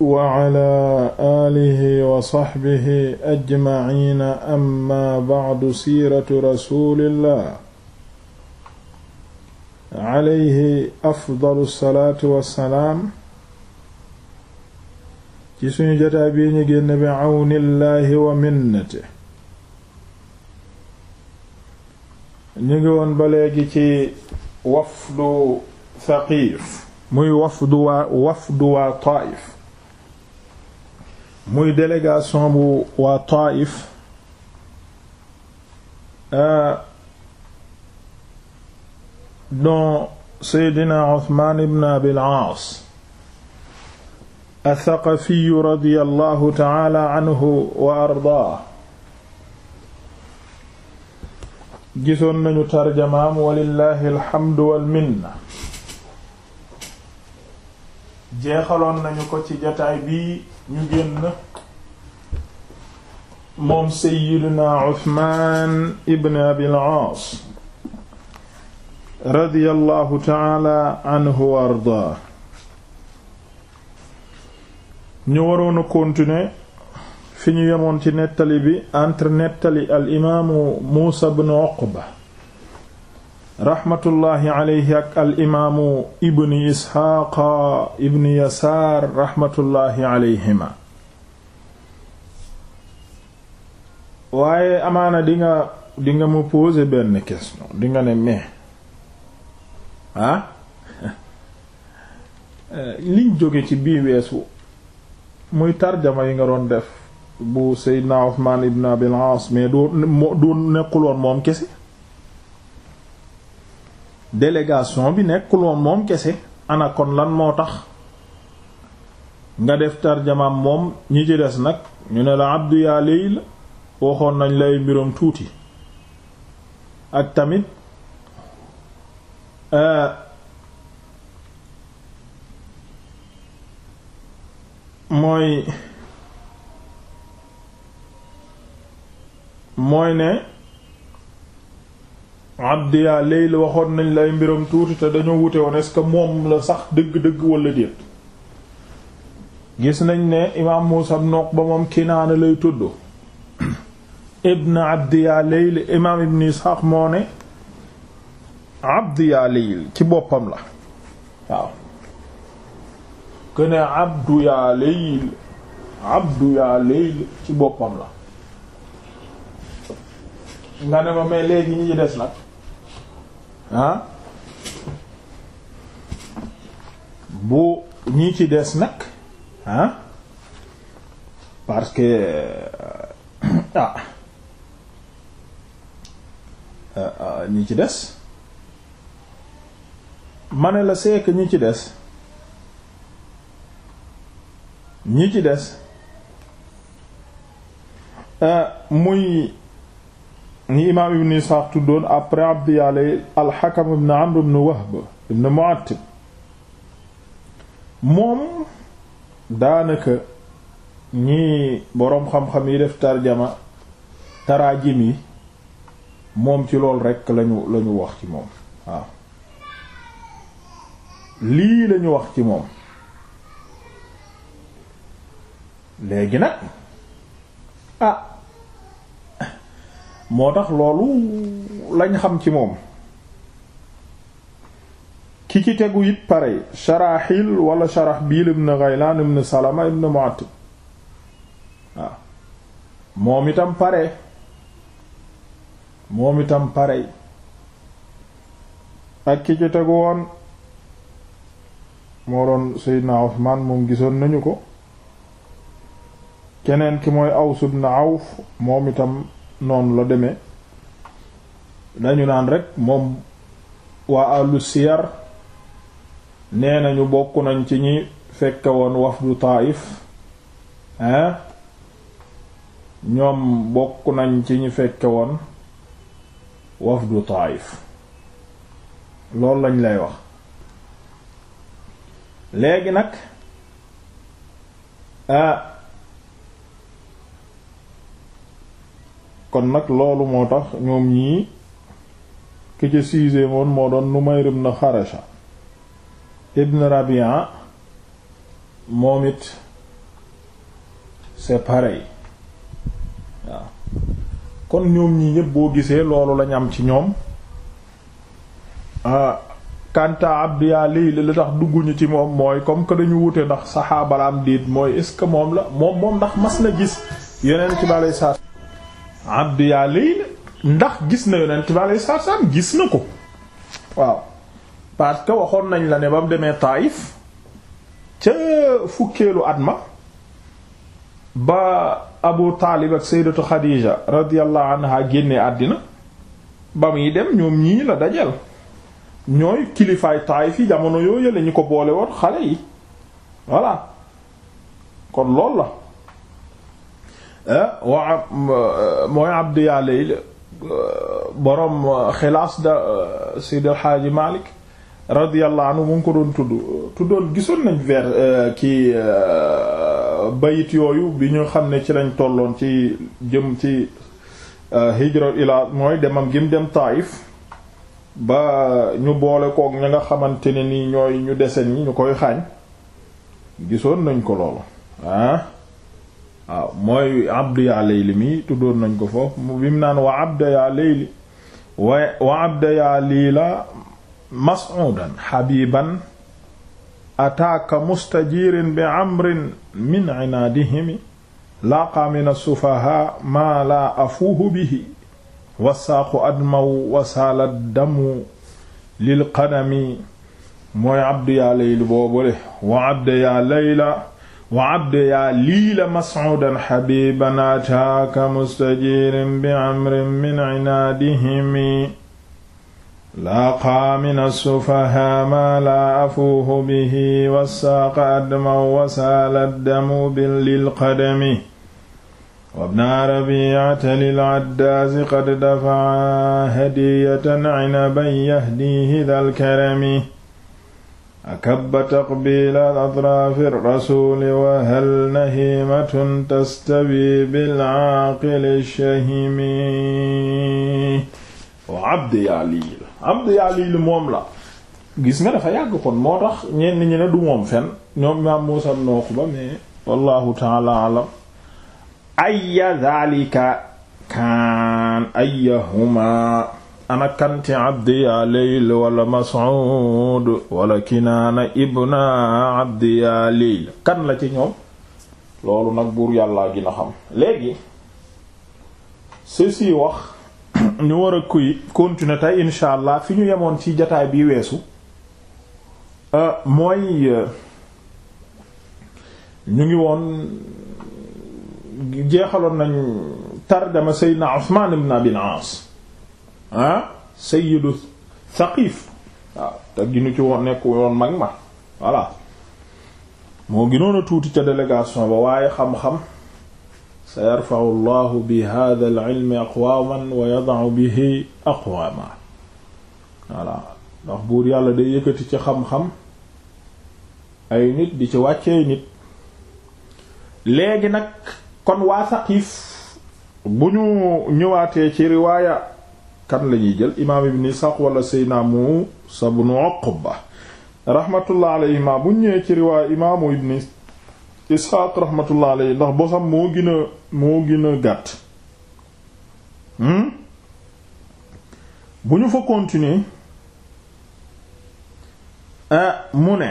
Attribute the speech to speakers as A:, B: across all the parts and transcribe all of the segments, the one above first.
A: wacala aalihi wa saxbihi ajmaciina amma bacdu siiratu rasulillah alayhi afdalu salaatu wassalaam ci suñu jotaa bii ñu génn bi cawnillahi wa minnate ñu ngi woon ba léegi ci wafdu Saqiif muy wafdu waa wafdu muy délégation bu waa Taif euh, don Seydina Usmaan ibn Abil Aas athaqafiyu radiyallahu ta'ala anhu wa ardaa gisoon nañu tarjamaam walillahi alhamdu wal minna jeexaloon nañu ko ci jataay bii ñu génn moom Seyyidina Usmaan ibn Abil Aas radiyallahu ñu waroon a fi ñu yemoon ci nettali bi nettali al imaamu Muusa ibn Uqba raxmatullahi alayhi ak alimaamu ibni isxaaqa ibni yasaar raxmatullahi alayhima waaye amaana di nga di nga mu poser benn question di nga ne mais ah liñ jóge ci bii weesu muy tarjama yi nga doon def bu Seydina Uthman ibn Abil As mais doo nekkul woon moom kese délégation bi nekkul woon moom kese ana kon lan moo tax nga def tarjamaam moom ñi ci des nag ñu ne la abdu yaa layl waxoon nañ lay mbiram tuuti ak tamit euh, mooy mooy ne abdiya leyl waxoon nañ lay mbiram tuuti te dañoo wute woon est moom la sax dëgg-dëgg wala déet gis nañ ne imaam Muusa ibn Uqba moom Kinaana lay tudd ibn abdiya leyl imaam ibn Isxaaq moo ne abdiya leyl ci boppam la waaw këne abdu yaa leyl abdu yaa leyl ci boppam la nga ne ma mais léegi ñi ci des nag ah bu ñii ci des nag ah parce que ah euh, euh, ñi ci des ma ne la c'est que ci des ñi ci des euh, muy ni imaam ibn Isxaaq tuddoon après Abdi Yàlla al-Hakam ibn Amr ibn Wahb ibn Mu'attib moom daanaka ñi boroom xam-xam yi def tarjama taraajim yi moom ci lool rekk lañu lañu wax ci moom waaw lii lañu wax ci moom léegi nag ah moo tax loolu lañ xam ci moom ki ci tegu it pare Sharaxil wala Sharaxbil ibn Ghaylan ibn Salama ibn Mu'attib waaw moom itam pare moom itam pare ak ki ci tegu woon moo doon Seydina Usmaan moom gisoon nañu ko keneen ki mooy Aws ibn Awf moom itam noonu la demee dañu naan rekk moom waa àllu siyar nee nañu bokk nañ ci ñi fekke woon wafdu Taif hein ñoom bokk nañ ci ñi fekke woon wafdu Taif loolu lañ lay wax léegi nag ah kon nag loolu moo tax ñoom ñii ki ca sixième woon moo doon Numayr na Xarasha ibn Rabia moom it c'est pareil waaw kon ñoom ñii ñépp boo gisee loolu lañu am ci ñoom ah, kanta abdiya lii la tax dugguñu ci moom mooy comme que ñu wute ndax saxaa saxaabalaam diit mooy est-ce que moom la moom moom ndax mas na gis yeneen ci balay saa abdu yaa layla ndax gis na yonent bi alayhi salaatu salaam gis na ko waaw parce que waxoon nañ la ne ba mu demee Taïf ca fukkeelu at ma ba Abu Taalib ak Sayyidatu Xadiija radiyallahu anha génnee àddina ba muy dem ñoom ñii la dajeel ñooy kilifaay Taïf yi jamono yooyu lañu ko boole woon xale yi voilà kon loolu la. Eh, wa eh, mooy abdu yaa layl eh, boroom xilaas da Seydi El Hadji Malick radiyallahu anhu mu ngi ko doon tudd tuddoon gisoon nañ vers ki bayit yooyu bi ñu xam ne ci lañ tolloon ci jëm ci hijra ila mooy demam gim dem Taif ba ñu boole kook ña nga xamante ne ni ñooy ñu dese ñi ñu koy xaañ gisoon nañ ko loolu ah waaw mooy abdu yaa layli mi tuddoon nañ ko foofu bi mu naan wa abda yaa layli wa abda yaa liila mas'udan habiban ataaka mustajirin bi amrin min inaadihimi laaqa min assufaha maa laa afuuhu bihi wasaaqu admaw wasaala damu lilqadami mooy abdu yaa layli boobule wa abda yaa layla wa abd yaa lii la mascuudan xabiban ataaka mustajirin bi amrin min cinaadihimi laa qaa min assufaha maa laa afuuhu bihi wasaaqa adman wasaala damu lilqadami wabna rabiicata lilcaddaasi qad dafaca hadiyatan cinaban yahdiihi dalkarami akabba taqbiila atraafi rasuuli wa hal nahiimatun tastawi bil aaqili shahimi wa abdi yaliil abdi yaliil moom la gis nga dafa yàgg kon moo tax ñenn ñi ne du moom fen ñoom imaam Muusaa ibn Uqba mais wallahu taala alam aya dalika kaan ayahuma anakan ci abdi yaa leyl wala mas'ud wala kinaana ibna abdi yaa leyl kan la ci ñoom loolu nag buur yàllaa gina xam léegi ceci wax ñu war a kuy continuer tey insha allah fi ñu yemoon ci jataay bi weesu euh, mooy euh, ñu ngi woon jeexaloon nañ tarjama seydna Usmaan ibn Abil Aas ah sayyidu Saqif waaw ah, te ginu ci woon nekk woon mag ma voilà moo ginoon a tuuti ca délégation ba waaye xam-xam sa yarfau llahu bi hada al ilmi aqwaman wa yadau bihi ndax buur yàlla day yëkkati ci xam-xam ay nit di ci wàccee nit léegi nag kon waa Saqif bu ñu ñëwaatee ci riwaaya kan la ñuy jël imaam ibn Isaaq wala Seydina Muusaa ibn Uqba rahmatullah alayhima bu ñëwee ci riwaay imaamu ibn Isaaq rahmatullah alayhi ndax bosam moo gën moo gën gàtt hmm? bu ñu fa continuer ah, mu ne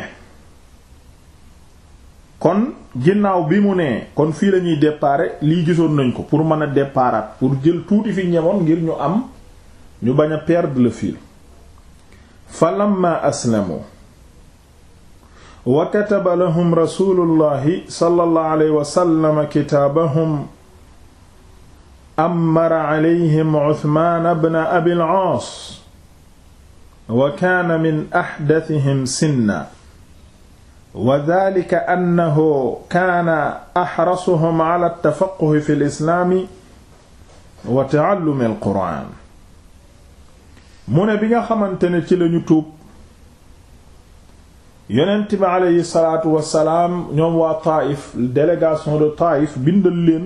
A: kon ginnaaw bi mu ne kon fii la ñuy déparé lii gisoon nañ ko pour mën a déparaat pour jël tuuti fi ñemoon ngir ñu am ñu bañ a perdre le fil fa lamma aslamu wa kataba lahum rasulullahi sallallahu alayhi wa sallam kitaabahum amara alayhim Usmaan ibn Abil Aas wa kaana min axdatihim sinna wa daalika annahu kaana axrasuhum ala tafaquhi fi lislaami wa taallumi alquraan mu ne bi nga xamante ne ci lañu tuub yonent bi aleyhi salaatu wassalaam ñoom waa Taïf délégation de Taïf bindal leen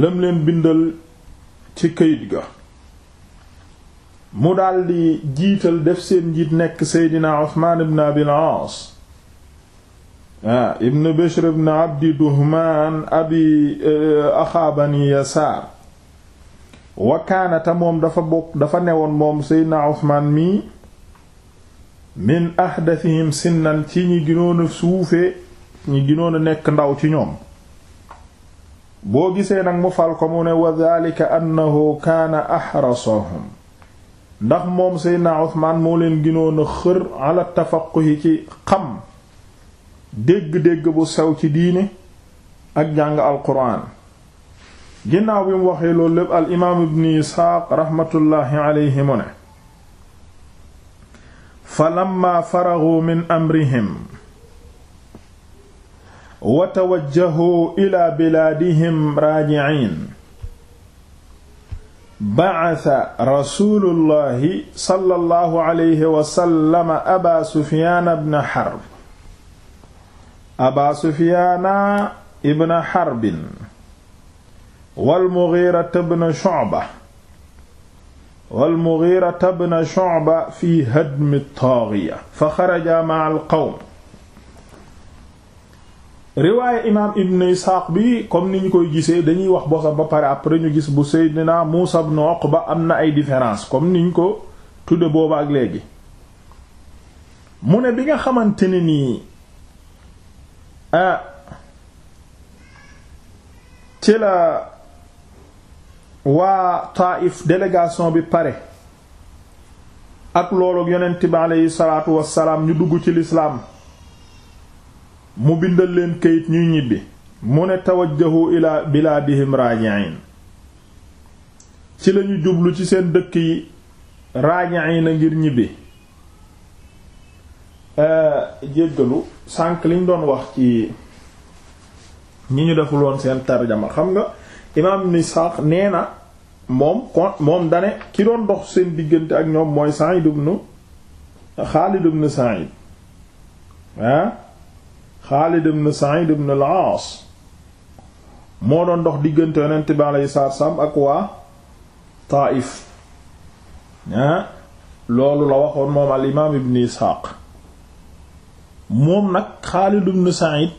A: lam leen bindal ci këyit ga mu daldi jiital def seen njiit nekk Seydina Usmaan ibn Abil Aas ah, ibn Bishr ibn Abdi Duhmaan abi eh, axaa Yasaar wakaanata moom dafa bokk dafa newoon moom seydna Usmaan mii min ahdathihim sinnan ci ñi ginoon a suufe ñi ginoon nekk ndaw ci ñoom boo gisee nag mu fal ko mu ne wa dhalika annahu kaana ahrasahum ndax moom seydna Usmaan moo leen ginoon a xër ci xam dégg-dégg bu sew ci diine ak jàng alquran ginnaaw bi mu waxee loolu lépp al imaam ibn isxaaq raxmatullaahi aleyhi mu ne fa lamma faragu min amrihim wa tawajjahu ila bilaadihim raajiciin bacasa rasuulullaahi sallallaahu aleyhi wasallama abaa sufiyaana bna xarb abaa sufiyaana ibna xarbin wal Mughira ibn Shu'ba wal Mughira ibn Shu'ba fi hadmi taaxiya fa xaraja ma'a al-qawm riwaaye imaam Ibn Isxaaq bi comme ni ñu koy gisee dañuy wax bosam ba pare après ñu gis bu Seydina Muusaa ibn Uqba am na ay différence comme ni ñu ko tudde booba ak léegi mu ne bi nga xamante ne nii ah, ci la waa Taif délégation bi pare ak loolu yonent bi aleyhi salaatu wassalaam ñu dugg ci lislaam mu bindal leen kayit ñuy ñibbi mu ne tawajjahu ila bilaadihim raaji'in ci lañu jublu ci seen dëkk yi raaji'in a ngir ñibbi euh, jéggalu sànq liñ doon wax ci ñi ñu defuloon seen tarjama xam nga imaam ibn Isxaaq nee na moom kon moom dane ki doon dox seen diggante ak ñoom mooy Sa'id ibn Xaalid ibn Sa'id ah Xaalid ibn Sa'id ibn al-Aas moo doon dox diggante yonent bi alayhi salaatu ak waa Taa'if ah loolu la waxoon moom al imaam ibn Isxaaq moom nag Xaalid ibn Sa'id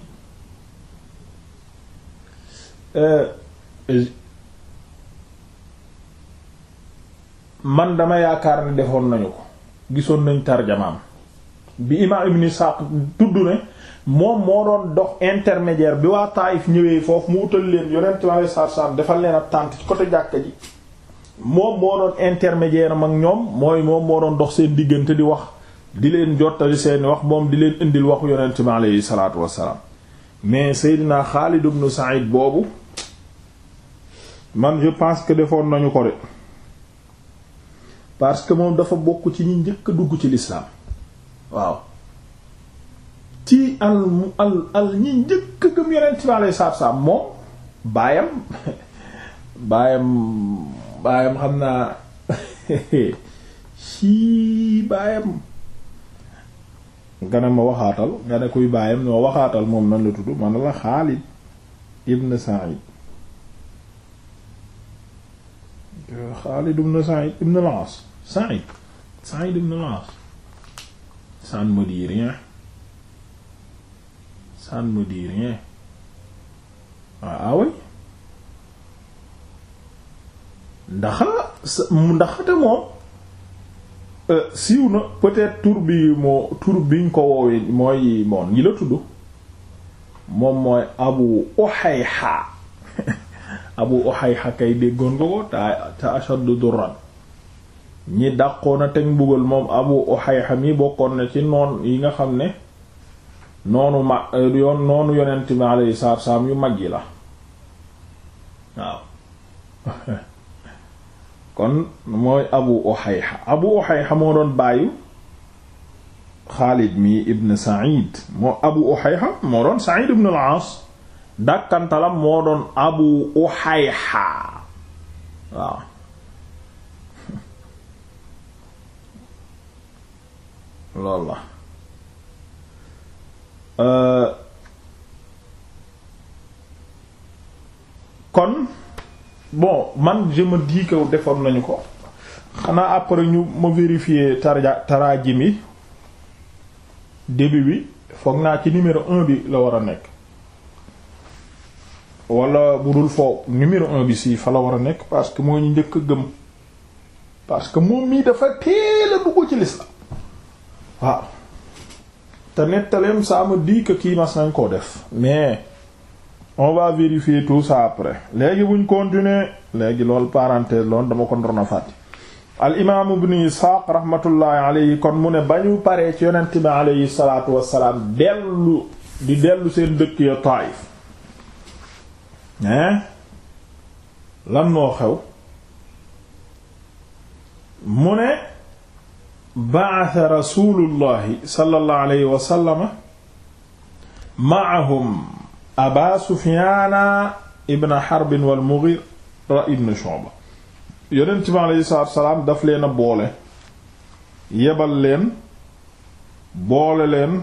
A: eh, man dama yaakaar ne defoon nañu ko gisoon nañ tarjamaam bi imaam ibn Isaaq tudd ne moom moo doon dox intermédiaire bi waa Taayif ñëwee foofu mu utal leen yonent mi alayhi salaatu defal leen ab tànt ci côté jàkka ji moom moo doon intermédiaire am ñoom mooy moom moo doon dox seen diggante di wax di leen jottali seeni wax moom di leen indil waxu yonent mi alayhi salaatu wassalaam mais Seydina Xaalid ibn Saïd boobu man je pense que defoon nañu ko de parce que moom dafa bokk ci ñi njëkk a dugg ci lislaam waaw ci al mu al al ñi njëkk gëm yeneen ci lay saab-saab moom baayam baayam baayam xam naa ci baayam nga ne ma waxaatal nga ne kuy baayam noo waxaatal moom nan la tudd man la Xaalid ibn Sa'id Xaalid euh, ibn Sa'id ibn al-As Sa'id Sa'id ibn al-As ça ne me dit rien ça ne me dit rien ah, ah moom euh, siiw na peut-être tur bi moo tur biñ ko woowee mooy moon ñi la tudd moom mooy Abu Uhayha abu uhayha kay déggoon nga ko ta ta ashaddu durran ñi dàqoona teg mbugal moom abu uhayha mi bokkoon na ci noon yi nga xam ne noonu ma euh, yoon noonu yonent bi alayhi salaatu salaam yu mag yi la waaw kon mooy abu uhayha abu uhayha moo doon bàyyu xaalid mi ibn sa'id moo abu uhayha moo doon sa'id ibn al dàkkantalam moo doon abu uhayha waaw loolu euh, kon bon man je me defoon nañu ko xanaa après ñu ma vérifier tarja taraajim yi début bi foog naa ci numéro un bi la war a nekk wala bu dul foo numéro un bi fa la war a nekk parce que moo ñu njëkk a gëm parce que moom mii dafa teel a dugg ci l'islam waaw te nettaleem ça me dit kii mas nañ koo def mais on va vérifier tout ça après léegi buñ continuer léegi loolu parenthèse loolu dama ko ndorna fàtte al imaam ibn isxaaq rahmatullahi alayhi kon mu ne ba ñu paree ci yonent bi alayhi salaatu wassalaam dellu di dellu seen dëkk ya Taayif hein lan moo xew mu ne ba'atha rasulullahi sallallahu alayhi wa sallama ma'ahum aba sufiana ibn harbin wal mughira ibn shu'ba yonent bi aleyhi salaatu daf leen a boole yebal leen boole leen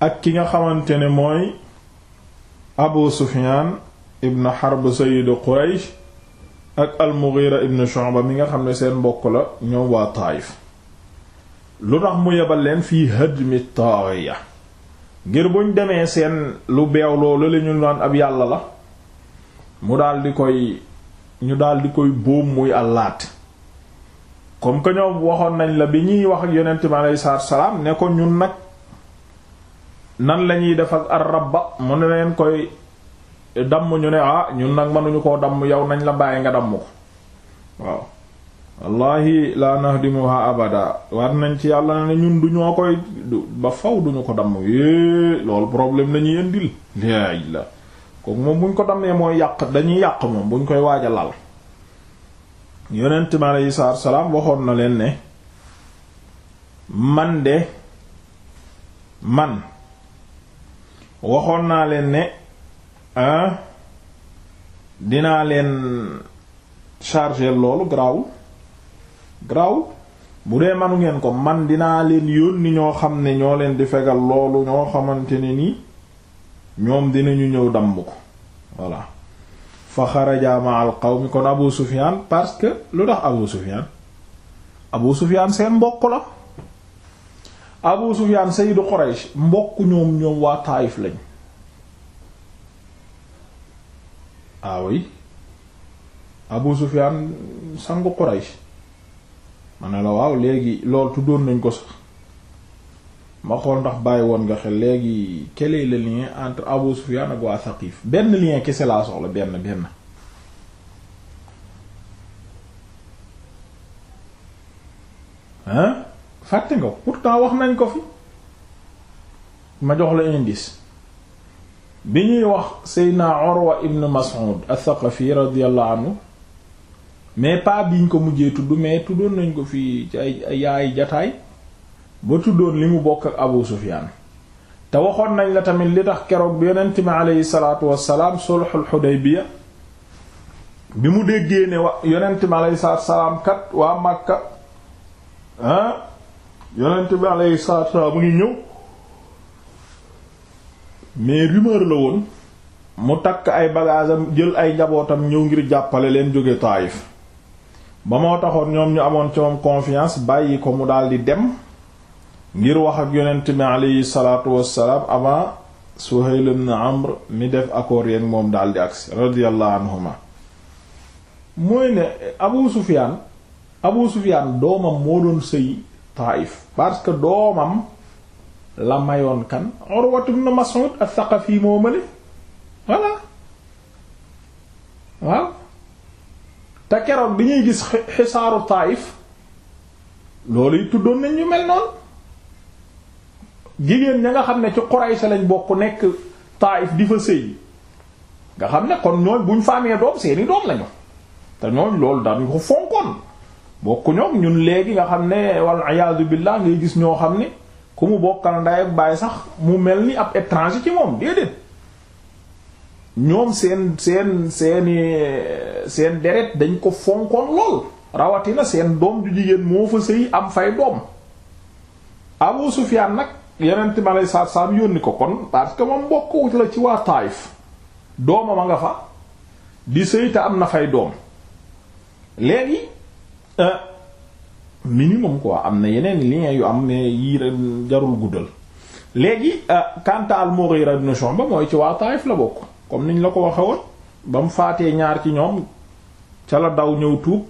A: ak ki nga xamante ne mooy abu sufian ibn Harb sayyidu Quraysh ak al-Mughira ibn Shu'ba nga xam ne seen mbokk la ñoom waa Taayif lu tax mu yebal leen fii hadmi ya ngir buñ demee seen lu beew loolu la naan ab yàlla la mu daldi koy ñu daldi koy buum muy àllaat comme que ñoom waxoon nañ la bi ñuy wax ak yonent bi aleyhi salaatu salaam ne ko ñun nag nan lañuy def ak ar-rabba mu ne leen koy damm ñu ne ah ñun nag mënuñu koo damm yow nañ la bàyyi nga damm ko waaw wallahi la nahdimuha abada war nañ ci yàlla ne ñun du koy ba faw duñu ko damm é loolu problème lañuy indil laay la kooku moom buñ ko dammee mooy yàq dañuy yàq moom buñ koy waaja lal yonent mi aleyhi waxoon na leen ne man de man waxoon naa leen ne ah dinaa leen charger loolu garaawul garaawul bu dee manu ngeen ko man dinaa leen yónni ñoo xam ne ñoo leen di fegal loolu ñoo xamante ne ni ñoom dinañu ñëw damb ko voilà fa xaraja ma al qawmi kon Abu Sufyan parce que lu tax Abu Sufyan Abu Sufyan seen mbokk la Abu Sufyan sayyidu Quraysh mbokk ñoom ñoom waa Taayif lañ aaway ah Abu Sufyan sangu Quraysh ma la waaw léegi loolu tuddoon nañ ko sax ma xool ndax bàyyi woon nga xel léegi quel est le lien entre Abu Sufyan ak waa Saqif benn lien kese laa soxla benn benn hein fàtte nga pourtant wax nañ ko fi ma jox la indice bi ñuy wax Seydina Urwa ibn Mas'ud al-Thaqafi radiyallahu anhu mais pas biñ ko mujjee tudd mais tuddoon nañ ko fii ci ay yaay jataay ba tuddoon li mu bokk ak Abu Sufyaan te waxoon nañ la tamit li tax keroog bi yonent mi aleyhi salaatu wassalaam sulhul Hudaybiya bi mu déggee ne wa yonent mi aleyhi salaatu kat waa Makka ah, yonent bi aleyhi salaatu wassalaam mu ngi ñëw mais rumeur la woon mu takk ay bagaasam jël ay njabootam ñëw ngir jàppale leen jóge Taayif ba moo taxoon ñoom ñu amoon ci moom confiance bàyyi ko mu daldi dem ngir wax ak yonent bi aleyhi salaatu wassalaam avant Suhayl ibn Amr mi def accord yeeg moom daldi agsi radiyallahu anhuma mooy ne Abu Sufyaan Abu Sufyaan doomam moo doon sëy Taayif parce que doomam la mayoon kan Urwat ibn Mas'ud ath-Thaqafi moo male voilà waaw te keroog bi ñuy gis xisaaru Taayif loolu yi tuddoon nañ ñu mel noonu jigéen ña nga xam ne ci Quraysh lañ bokk nekk Taayif di fa sëy nga xam ne kon ñooñ buñ faamee doom seeni doom lañu te ñooñ loolu daan ko fonkoon bokk ñoom ñun léegi nga xam ne wal iyaadu billah ngay gis ñoo xam ne ku mu bokkal nday ak baay sax mu mel ni ab étranger ci moom déedéet ñoom seen seen seeni seen deret dañ ko fonkoon lool rawatina seen doom ju jigéen moo fa sëy am fay doom Abu Sufyaan nag yeneen ma lay saat saam yónni ko kon parce que moom bokk la ci waa Taayif doomam a nga fa di sëy te am na fay doom léegi euh, minimum quoi am na yeneen lien am mais yii ren jarul guddal léegi euh, Kanta al-Mughira ibn mooy ci waa Taif la bokk comme niñ la ko waxee ba mu faatee ñaar ci ñoom ca la daw ñëw tuub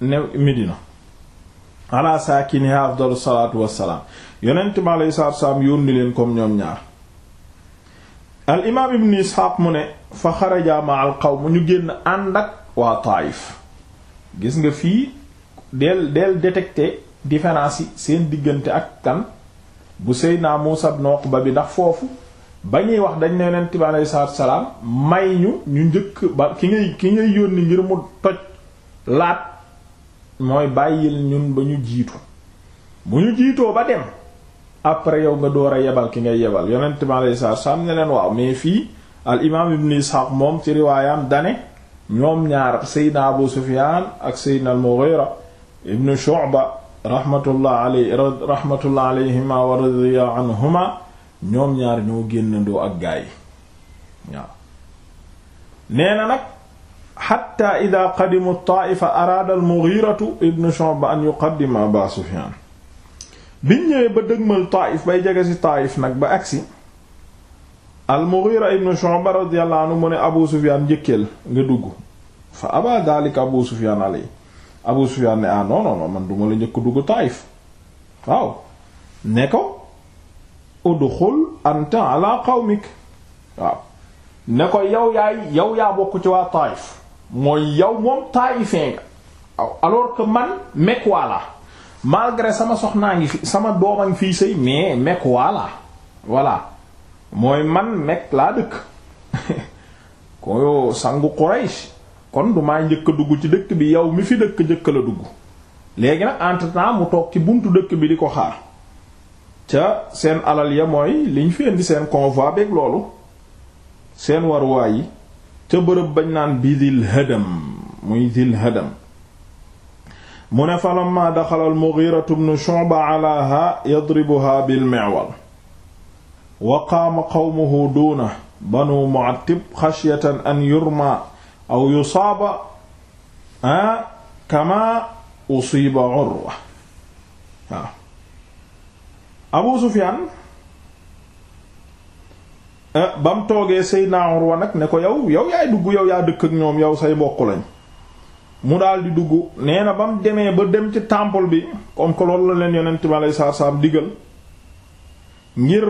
A: ne Medina ala saakini afdalu salaatu wassalaam yonent mi alayhi salaatu wassalaam yónni leen comme ñoom ñaar al imaam ibn Isxaaq mu ne fa xaraja ma al ñu génn ànd ak waa Taif gis nga fii del del détecter différence yi seen diggante ak kan bu Seydina Muusa noq ba bi ndax foofu ba ñuy wax dañ ne yonent bi aleyhi salaatu salaam may ñu ñu njëkk ba ki ngay ki ngay yónni ngir mu toj laat mooy bàyyil ñun ba ñu jiitu bu ñu jiitoo ba dem après yow nga door a yebal ki ngay yebal yonent bi aleyhi salaatu salaam waaw mais fii al imaam Ishaq moom ci riwaayam dane ñoom ñaar Seydina Abu Sufyaan ak Seydina al-Mughira ibnu Shu'ba rahmatullah alayhi rahmatullah alayhima wa radiya anhuma ñoom ñaar ñoo génnandoo ak gaay waaw nee na nag xatta ida qadimu taifa araada almughiratu ibnu Shu'ba an yuqaddima aba Sufyaan biñ ñëwee ba dëgmal taaif bay jege ci taaif nag ba agsi almughira ibnu Shu'ba radiyallahu anhu mu ne abu Sufyaan njëkkeel nga dugg fa aba daalika abu Sufyaan alayhi Abu Sufyaan ne ah non man duma la njëkk dugg Taayif waaw ne ko udxul anta ala qawmik waaw ne ko yow yaay yow yaa bokk ci waa Taayif mooy yow moom taayifee nga waaw alors que man mekkuwaa la malgré sama soxnaa ngi fi sama doom ngi fii sëy mais mekkuwaa la voilà mooy man mekk laa dëkk ko sangu Quraysh kon du maa njëkk a dugg ci dëkk bi yow mi fi dëkk njëkk la dugg léegi nag entre mu toog ci buntu dëkk bi di ko xaar ca seen alal ya mooy liñ fi di seen convoi beeg loolu seen waruwaay yi ca bërëb bañ naan bi dil hadam muy dil hadam mu ne falamma daxala al-Mughira ibn Shu'ba alaaha yadribuha bil mi'wal wa qaama qawmuhu duuna banu Mu'attib xashyatan an yurma aw yusaaba ah kama usiba Urwa waaw Abu Sufyaan ba mu toogee Seydina wa nag ne ko yow yow yaay dugg yow yaa dëkk ak ñoom yow say mbokk lañ mu daal di dugg nee na ba mu demee ba dem ci temple bi comme que loolu la leen yonent bi aleyhi salaatu salaam digal ngir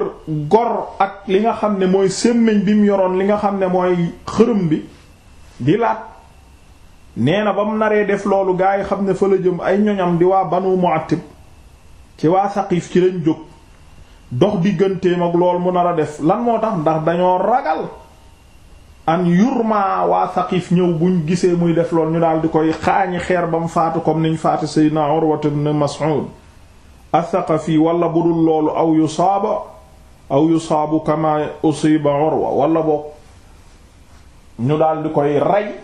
A: gor ak li nga xam ne mooy semmiñ bi mu yoroon li nga xam ne mooy xërëm bi di laat nee na ba mu naree def loolu gaa yi xam ne fa jëm ay ñoñam di waa banu Mu'attib ci waa Saqiif ci lañ jóg dox digganteem ak lool mu nar def lan moo tax ndax dañoo ragal an yurma waa Saqiif ñëw buñ gisee muy def lool ñu daal di koy xaañi xeer ba mu faatu comme niñ faatu Seydina Urwa ibn Mas'ud as-Saqafi wala budul loolu aw yusaaba aw yusaabu kama usiba Urwa wala bokk ñu daal di koy ray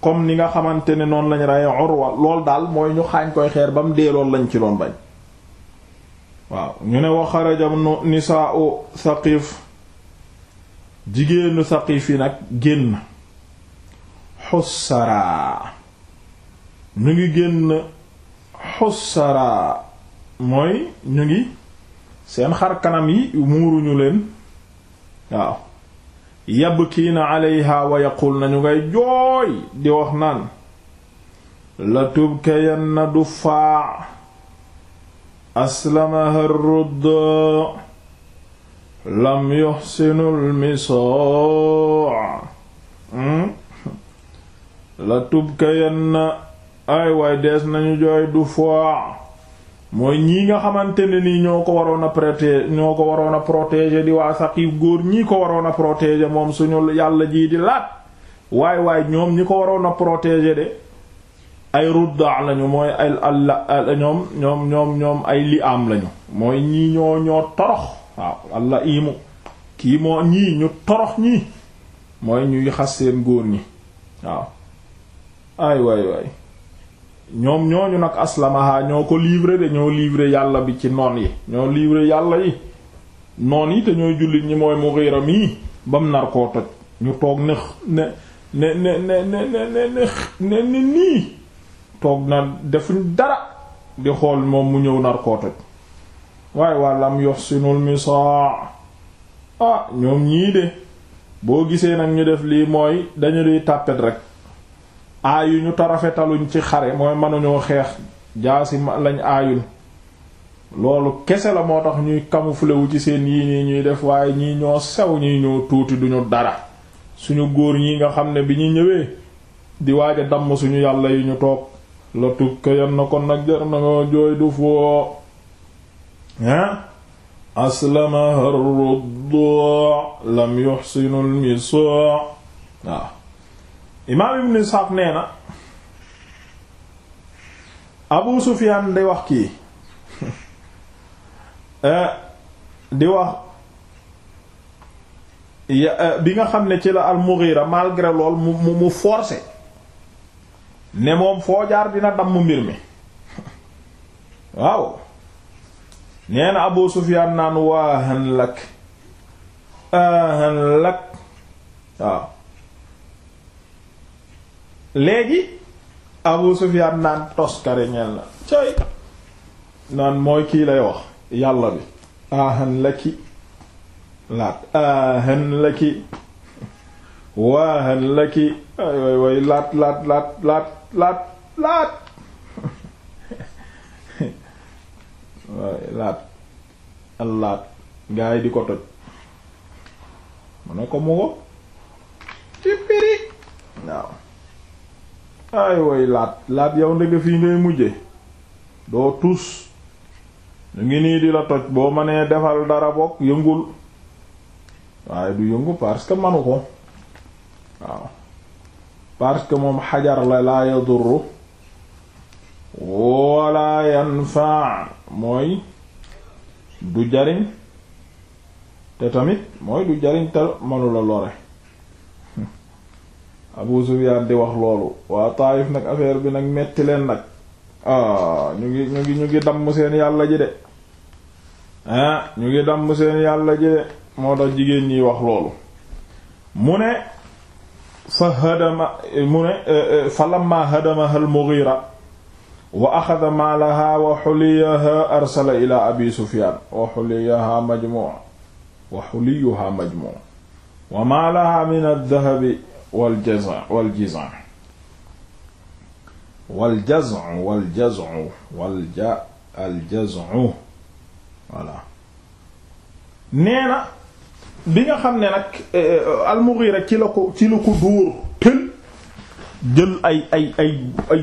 A: comme ni nga xamante ne noonu lañ rey Urwa lool daal mooy ñu xaañ koy xeer ba mu dee lool lañ ci doon bañ waaw ñu ne wa xaraja nisaa'u Saqif jigéenu Saqif yi nag génn xussara ñu ngi génn xussara mooy ñu ngi seen xar kanam yi muuruñu leen waaw yabkiina alayha wa yaqulna ñu ngay jooy di wax naan la tubkayanna dufaa aslamaha rudd lam yuxsinul misaa hmm? la tubkayanna ay waay dees nañu jooy dufaa mooy ñii nga xamante ne nii ñoo ko waroon a protéger ñoo ko waroon a protéger di waa Saqiif góor ñii ko waroon a protéger moom suñu yàlla jii di laat waaye waaye ñoom ñi ko waroon a protéger de ay rudda lañu mooy ay alla ñoom ñoom ñoom ñoom ay li am lañu mooy ñii ñoo ñoo torox waaw alla imu kii moo ñii ñu torox ñii mooy ñuy xas seen góor ñi waaw ay waay waay ñoom ñooñu nag aslamaha ñoo ko livré de ñoo livré yàlla bi ci noon yi ñoo livré yàlla yi noon yi te ñooy jullit ñi mooy Mughira mii bam nar koo toj ñu toog ne ne ne ne ne ne ne ne ne nii toog na defuñ dara di xool moom mu ñëw nar koo toj waaye wàllam yoxsinul misaa ah ñoom ñii de boo gisee nag ñu def lii mooy dañu di tàppet rek aayu ñu tarafetaluñ ci xare mooy mënuñoo xeex jaasi lañ aayul loolu kese la moo tax ñuy camouflé wu ci seen yii ñii ñuy def waaye ñii ñoo sew ñii ñoo tuuti duñu dara suñu góor ñi nga xam ne bi ñu ñëwee di waaj a damm suñu yàlla yi ñu toog la tukka yan na kon nag jar na nga jooy du foo ah aslama harrudd lam yuhsinul miso waaw imaam ibn Isxaaq nee Abu Sufyaan di wax kii eh, di wax eh, bi nga xam ne ci la al-Mughira malgré lool mu mu mu ne moom foo jaar dina damm mbir mi waaw nee na Abu Sufyaan naan waahan lak ahan waaw léegi Abu Sufyan naan toskare ñeel na cay naan mooy kii lay wax yàlla bi ahan la ki laat ahan la ki waahan la ki laat laat laat laat laat laat laat allaat di ko toj mu ne ko mu ngo ci piri waaw ay woy laat laat yow ndege fii ngay mujje doo tus ñu ngi nii di la toj boo mënee defal dara bokk yëngul waaye du yëngu parce que manu ko waaw parce que moom xajar la laa yadurru wala yanfa mooy du jariñ te tamit mooy du jariñ te manu la lore Abu Sufyaan di wax loolu waa Taayif nag affaire bi nag metti leen nag ah ñu ngi ñu seen yàlla ji de ah ñu ngi damm seen yàlla ji de moo tax jigéen ñiy wax loolu mu ne fa hadama mu ne eh, eh, fa lamma hadamaha al-Mughira wa axada maalaha wa xuliyaha arsala ila abi Sufyaan wa xuliyaha majmu'a wa xuliyuha majmu'a wa maalaha min ad-dahabi wal jazaa wal jizaa wal jazaa wal jazaa wal ja al nee na bi nga xam ne nag eh, eh, al ci la ko ci la ko dóor tël jël ay ay ay ay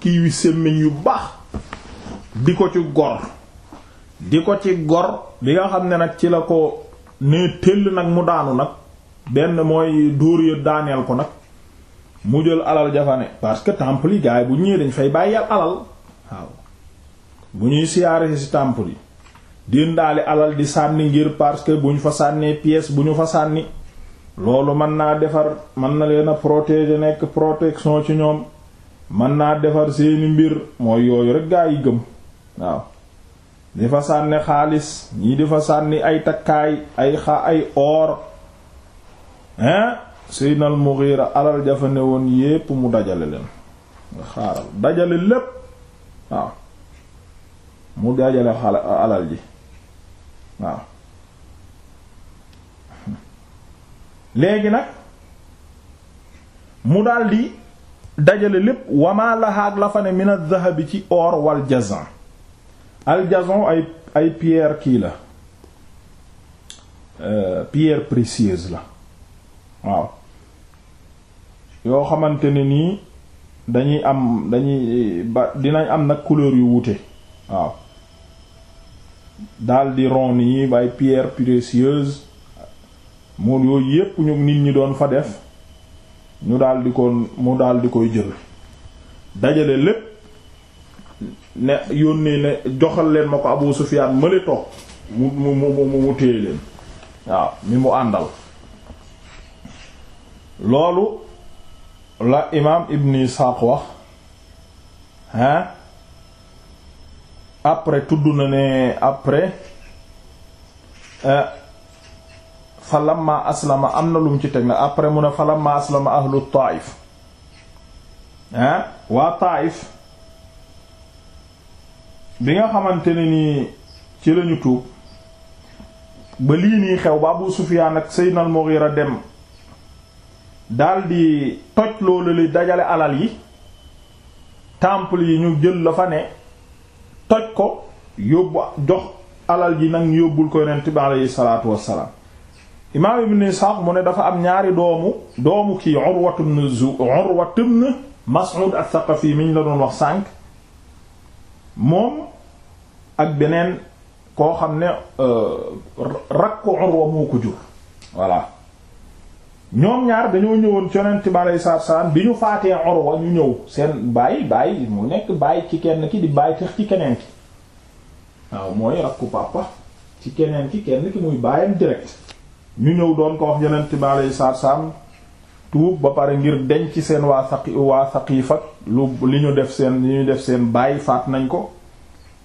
A: kii wi semmiñ yu baax di ko ci gor di ko ci gor bi nga xam ne nag ci la ko nee tëll nag mu daanu nag benn mooy duur ya daaneel ko nag mu jël alal jafane parce que temple yi gars bu ñëwee dañ fay bàyyi alal waaw bu ñuy siyaare ci temple yi dindaali alal di sànni ngir parce que bu ñu fa sànnee pièce bu ñu fa sànni loolu mën naa defar man na leen a protéger nekk protection ci ñoom mën naa defar seeni mbir mooy yooyu rek gaa yi gëm waaw di fa sànni xaalis ñii di fa sànni ay takkaay ay xa ay or hein Seydina mughira alal jafa ne woon yépp mu dajale leen nga xaaral dajale lépp waaw mu dajale alal ji waaw léegi nag mu daldi dajale lépp wamaa laxaak la fa ne min az ci or wal jazan al jazan ay ay pierre kii la euh, pierre précieuse la waaw yoo xamante ne nii dañuy am dañuy ba dinañ am nag couleur yu wuute waaw daldi ron yi bay pierre précieuse moom yooyu yépp ñu nit ñi doon fa def ñu daldi ko mu daldi koy jël dajale lépp ne yónnee ne joxal leen ma ko Abu Sufyaan mële toog mu mu mu mu téye leen waaw mi mu àndal loolu la imaam ibn Isxaaq wax hein après tudd na ne après euh, fa lamma aslama am na lum ci teg na après mu ne fa lamma aslama ahlu Taayif hein waa Taayif bi nga xamante ne nii ci lañu tuub ba lii nii xew ba Abu Sufyaan ak Seydina al a dem daldi toj loolu li dajale alal yi temple yi ñu jël la fa ne toj ko yóbbu jox alal ji nag yóbbul ko yonent bi aleyhi salaatu wassalaam imaam ibn Isxaaq mu ne dafa am ñaari doomu doomu kii Urwa ibn Zu Urwa al-Thaqafi mi ñu la doon wax sànk moom ak beneen koo xam ne euh, rakku Urwa moo ko jur voilà ñoom ñaar dañoo ñëwoon ci yonent bi aleyhi salaam bi ñu faatee Urwa ñu ñëw seen baay baay mu nekk baay ci kenn ki di baay tëx ci keneen ki waaw mooy rakku papa ci keneen ki kenn ki muy baayam direct ñu ñëw doon ko wax yonent bi aleyhi salaatu salaam tuub ba pare ngir ci seen waa saqi waa Saqiifa lu li ñu def seen li ñu def seen baay faat nañ ko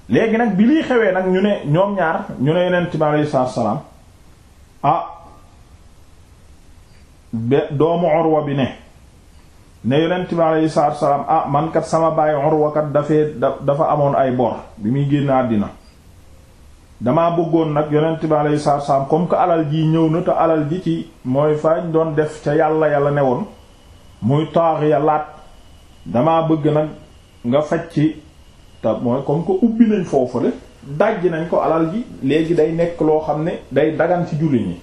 A: léegi nag bi liy xewee nag ñu ne ñoom ñaar ñu ne yonent bi aleyhi salaatu salaam ah, doomu Urwa bi ne ne yonent bi aleyhi salaatu ah, sama baay Urwa kat dafa amoon ay bor bi muy génn àddina dama bëggoon nag yonent bi aleyhi salaatu salaam comme que alal ji ñëw na te alal ji ci mooy fañ doon def ca yàlla yàlla ne woon muy taax ya laat damaa bëgg nag nga faj ci te mooy comme que ubbi nañ foofu rek dajj nañ ko alal ji léegi day nekk loo xam ne day dagan ci jullit ñi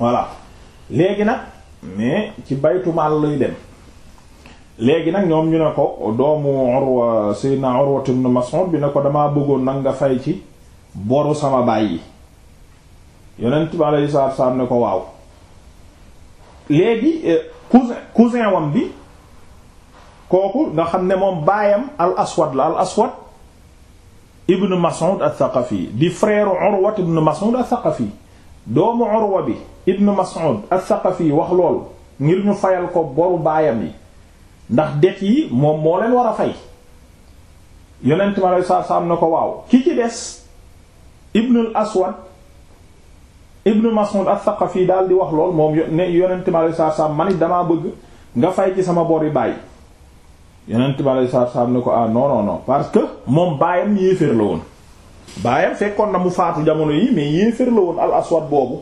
A: voilà léegi nag mais ci baytumaal lay dem léegi nag ñoom ñu ne ko doomu Urwa Seydina Urwa ibn Mas'ud bi ne ko damaa bëggoon nag nga fay ci boru sama baay yi yonent bi alayhi salaatu ne ko waaw léegi eh, cousin cousin wam bi kooku nga xam ne moom baayam al aswad la al aswad ibn Mas'ud al-Thaqafi di frère Urwa ibn Mas'ud al-Thaqafi doomu Urwa bi Ibn Mas'ud al-Thaqafi wax loolu ngir ñu fayal ko boru baayam yi ndax det yi moom moo leen war a fay yonent ma lay saa saam na ko waaw ki ci des Ibn al-Aswad Ibn Mas'ud al-Thaqafi daal di wax lool moom ne yonent ma lay saa saam man damaa bëgg nga fay ci sama bori baay yonent ma lay saa saam ne ko ah non parce que moom baayam yéeféer la woon. baayam fekkoon na mu faatu jamono yi mais yéefér la woon al boobu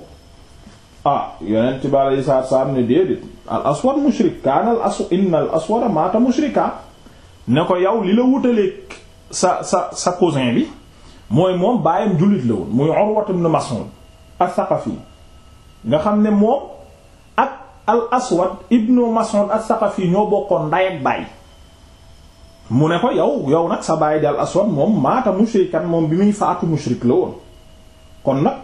A: ah yonent bi aleyhi salaatu salaam ne déedéet al mushrik kaana al aswad inna al ne ko yow li la wutalee sa sa sa cousin bi mooy moom baayam jullit la woon muy Urwa ibn Mas'ud as-Saqafi nga xam ne moom ak al aswad ibnu Mas'ud as-Saqafi ñoo bokkoon nday ak mu ne ko yow yow nag sa baay dal aswad moom maata mushrikan moom bi muy faatu mushrik la woon kon nag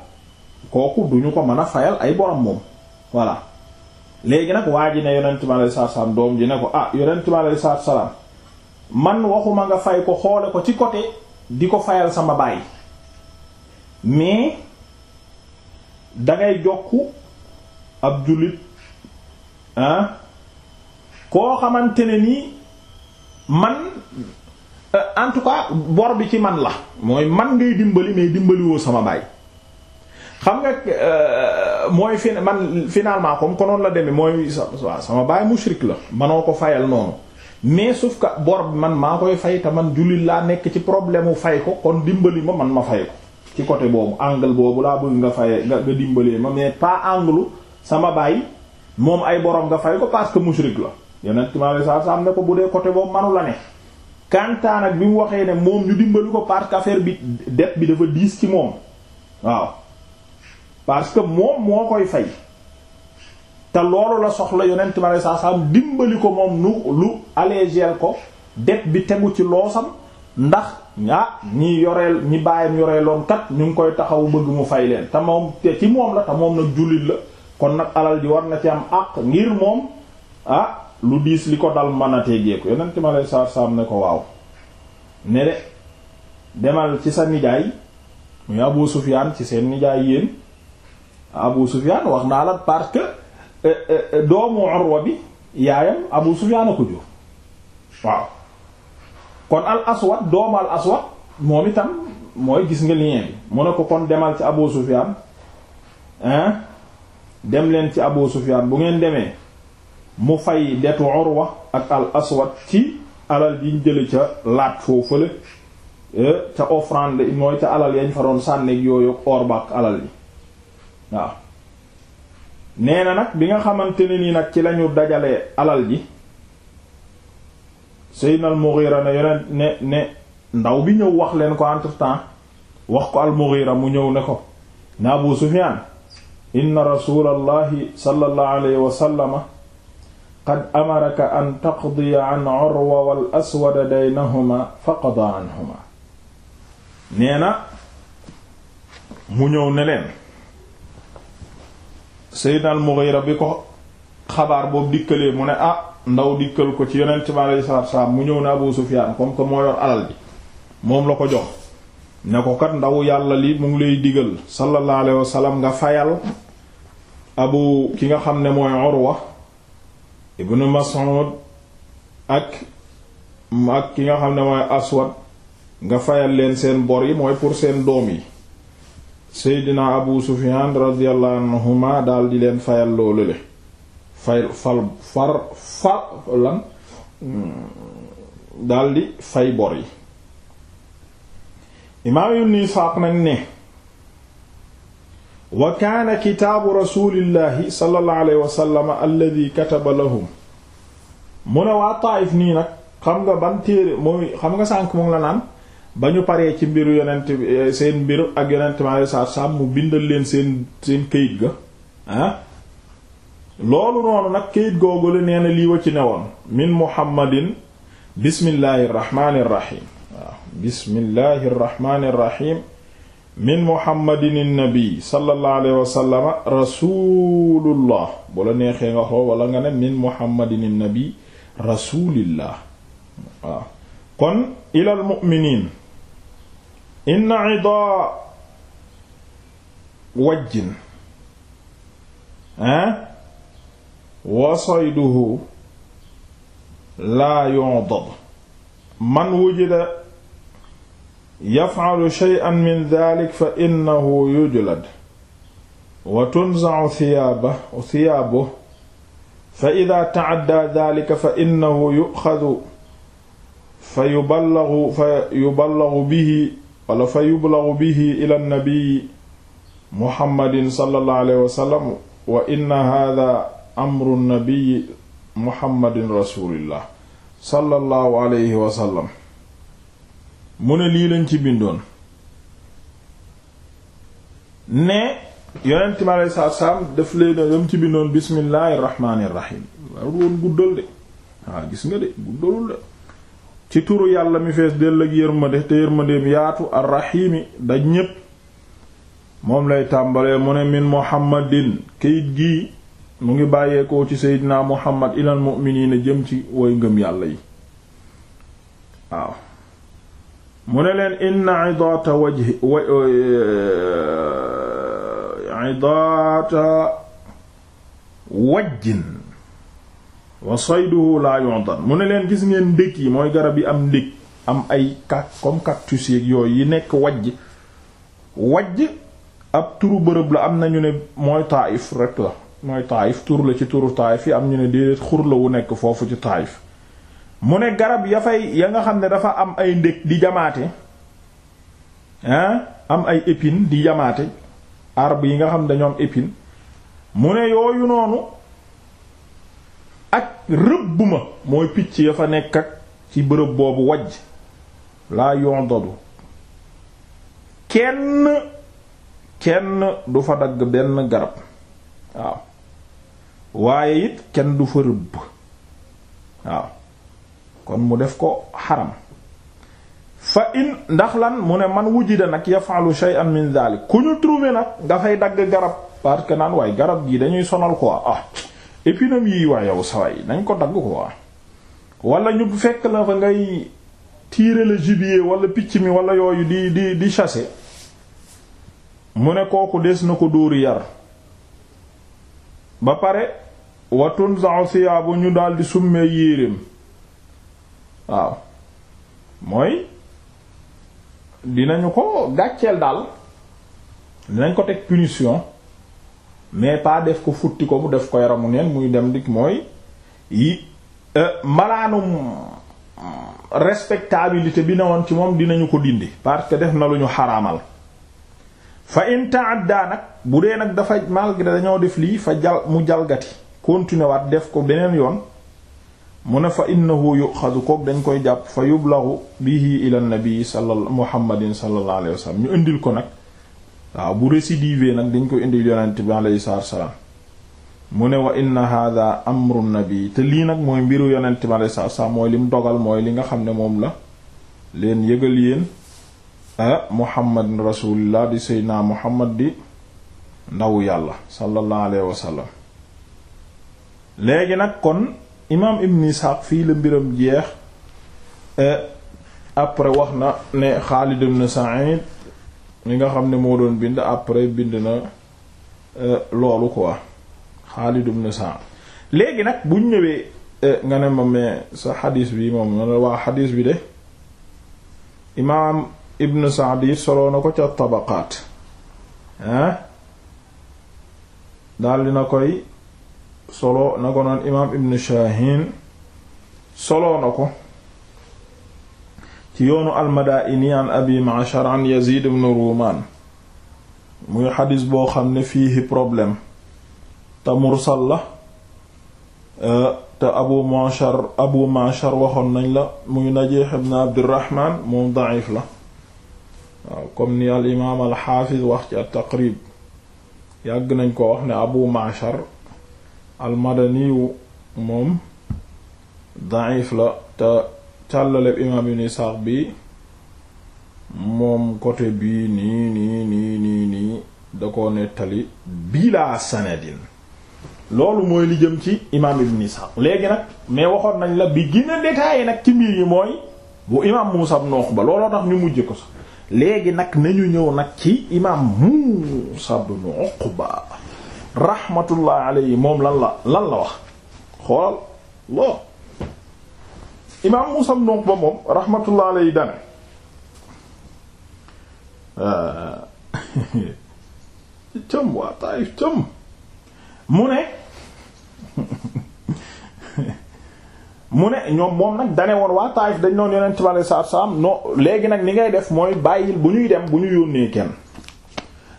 A: kooku duñu ko mën a fayal ay borom moom voilà léegi nag waa ji ne yonent mi alayhi salaam doom ji ne ko ah yonent mi alayhi salaatu salaam man waxuma nga fay ko xoole ko ci côté di ko fayal sama baay mais dangay jokk ab jullit ah koo xamante ne nii man euh, en tout cas bor bi ci man la mooy man ngay dimbali mais dimbaliwoo sama baay xam nga euh, mooy fi man finalement comme konoon la demee mooy sama baay mushrik la manoo ko fayal noonu mais suuf ka bor bi man maa koy fay te man jullit laa nekk ci problème mu fay ko kon dimbali ma man ma fay ko ci côté boobu angle boobu laa bëgg nga fay nga dimbalee ma mais pas angle sama baay moom ay borom nga fay ko parce que mushrik la yonent mi alayhi salaatu salaam ne ko bu dee côté boobu manu la ne kantaan bi mu waxee ne moom ñu dimbali ko parce que affaire bi det bi dafa diis ci moom waaw parce que moom moo koy fay te loolu la soxla yonent mi alayhi salaatu salaam dimbali ko moom lu lu alléger ko det bi tegu ci loosam ndax ah ñi yoreel ñi bàyyi yoreeloon kat ñu ngi koy taxaw bëgg mu fay leen te moom te ci moom la te moom nag jullit la kon nag alal ji war na ci am àq ngir moom ah lu diis li ko dal mën a tegeeku yonent ma lay saar saam ne ko waaw ne de demal ci sa nijaay muy Abu Sufyaan ci seen nijaay yéen Abu Sufyaan wax naa la parce que euh, euh, doomu Urwa bi yaayam Abu Sufyaan a ko jur waaw kon al aswad doomu al aswad moom itam mooy gis nga lien bi mu ne ko kon demal ci Abu Sufyaan hein dem leen ci Abu Sufyaan bu ngeen demee mu fay detu Urwa ak al aswad ci alal yiñ jële ca laat foofale eh, ca offrande mooy ca alal yañ fa doon sànneeg yooyu or bak alal yi waaw nee na nag bi nga xamante ne nii nag ci lañu dajale alal ji Seydina al-Mughira ne yonent ne ne ndaw bi ñëw wax leen ko entre-temps wax ko al-Mughira mu ñëw ne ko na Abu Sufyan inna rasulallahi sallallahu alayhi wa qad amaraka an taqdiya an Urwa wal aswad daynahuma faqada anhuma nee na mu ñëw ne leen Seydina al-Mughira bi ko xabaar boobu dikkalee mu ne ah ndaw dikkal ko ci yeneen bi alayhi salaatu salaam mu ñëw ne Abu Sufyaan comme que moo yor alal bi moom la ko jox ne ko kat ndaw yàlla li mu ngi lay digal sallallahu alayhi nga fayal abu ki nga xam ne mooy Urwa ibnu Mas'ud ak ak ki nga xam ne mooy aswad nga fayal leen seen bor yi mooy pour seen doom yi seydina abu sufiyaan radiyallahu anhuma di leen fayal loolu le fay fal far far lan daal di fay bor yi imaam ibn Isaaq nag ne wa kaana kitaabu rasulillahi sallallahu alayhi wa sallam alladi kataba lahum mu waa Taayif nii nag xam nga ban téere mooy xam nga sànk mu la naan ba ñu paree ci mbiru yonent eh, seen mbir ak yonent ma alayhi leen seen seen këyit ga ah loolu noonu nag këyit googu la nee na lii wa ci newoon min muhammadin bismillahi irrahmani irrahim waaw min muhammadin nabi sallallahu alayhi wa sallama rasulullah bu la neexee nga xoo wala nga ne min muhammadin nabi rasulillah waaw kon ila al mu'minin inna ida wajjin ah wa sayduhu laa yondad man wujida yaf'alu shay'an min dhalik fa innahu yujlad wa tunza'u thiyaabahu thiyaabuhu fa idha ta'adda dhalika fa innahu yu'khadhu fa yuballaghu fa yuballaghu bihi wala fa yublaghu bihi ila an-nabi muhammadin sallallahu alayhi wa sallam wa inna hadha amru an-nabi muhammadin rasulillah sallallahu alayhi wa sallam mu ne lii lañ ci bindoon ne yonent mi aleyhi salaatu leen dam ci bindoon bismillaahir rahmaanir rahiim war woon guddal de waaw gis nga de guddalul de ci turu yàlla mi fees dell ak yërmande te yërmandeem yaatu arrahiimi daj ñépp moom lay tàmbalee mu ne min muhammadin kayit gii mu ngi bàyyeekoo ci seydinaa muhammad ilal mu'miniina jëm ci woy ngëm yàlla yi waaw mu ne leen inna idaata wajhi wa eh, idaata wajjin wa sayduhu la yu'dan mu ne leen gis ngeen ndég yi mooy garab yi am ndég am ay cactus comme cactus yeeg yooyu yi nekk wajj wajj ab turu bërëb la am na ñu ne mooy Taayif rek la mooy Taayif tur la ci turu Taayif yi am ñu ne déedéet xur la wu nekk foofu ci Taayif mu ne garab ya fay ya nga xam ne dafa am ay ndég di jamaate am ay épine di jamaate arbre yi nga xam ne dañoo am épine mu ne yooyu noonu ak rëbb ma mooy picc ya fa nekk ak ci bërëb boobu wajj laa yoon kenn kenn du fa dagg benn garab waaw waaye it kenn du fa rëbb waaw kon mu def ko xaram fa in ndax lan mu ne man wujida nag yafalu shay'an min dhalik ku ñu trouver nag nga fay dagg garab parce que naan waaye garab gi dañuy sonal quoi ah épinam yi waa yow saway nañ ko dagg quoi wala ñu fekk la fa ngay tirer le gibier wala picc mi wala yooyu di di di chasser mu ne kooku des na ko dóori yar ba pare watun zao siya bu ñu daldi summee yéreem waaw mooy dinañu ko gàcceel daal dinañ ko teg punition mais pas def ko futti ko bu def ko yaramu neen muy dem dik mooy yi euh, malaanum euh, respectabilité bi woon ci moom dinañu ko dindi parce que def na lu ñu xaraamal fa in ta'adda nag bu dee nag dafa malgré dañoo def lii fa jal mu jalgati continuer waat def ko beneen yoon mu ne fa innahu yuxadu kook dañ koy jàpp fa yublaxu bihi ila nabi sala muhammadin sallallahu alayhi wa sallam ñu indil ko nag waaw bu récidive nag dañ koy indil yonent bi alayhi salaatu wa salaam mu ne wa inna hada amru nabi te lii nag mooy mbiru yonent bi alayhi salaatu wa salaam mooy lim dogal mooy li nga xam ne moom la leen yëgal yéen ah muhammadin rasulillah di seydinaa muhammad di ndawu yàlla sallallahu alayhi léegi nag kon imaam Ibn Ishaq fii la mbiram jeex eh, après wax na ne Xaalid ibn Sa'id li nga xam ne moo doon bind après bind na eh, loolu quoi Xaalid ibn Sa'id léegi nag bu ñu ñëwee eh, nga ne ma mais sa xadiis bi moom nga ne waa xadiis bi de imaam Ibn Sa'd yi soloo na ko ca Tabaqaat ah dina koy. solo na ko noon imaam ibn Shaahin soloo na ko ci yoonu almadaini an abi ma'shar an yazid ibn ruumaan muy xadis boo xam ne fiihi problème te mursal la te abu ma'shar abu ma'shar waxoon nañ la muy najiix ibn abdirahman moom da'if la waaw comme ni al imaam al xaafiz wax ci at taqrib yàgg nañ ko wax ne abu ma'shar almadaniwu moom daif la te càllaleb imaam ibn Isaaq bi moom côté bi nii nii nii nii da ko nettali bila sanadin loolu mooy li jëm ci imaam ibn Isaaq léegi nag mais waxoon nañ la bi gën a détaillé nag ci mbir yi mooy bu imaam Muusaa ibn Uqba looloo tax ñu mujj ko sax léegi nag nañu ñëw nag ci imaam bu ibn Uqba rahmatullah alayhi moom lan la lan la wax xoolal lo imaam Muusaa ibn Uqba moom rahmatullah alayhi dane euh, cëm waa Taayif cëm mu ne mu ne ñoom moom nag dane woon waa Taayif dañ noon yonent bi alayhi salaatu salaam no léegi nag ni ngay def mooy bàyyil bu ñuy dem bu ñu yónnee kenn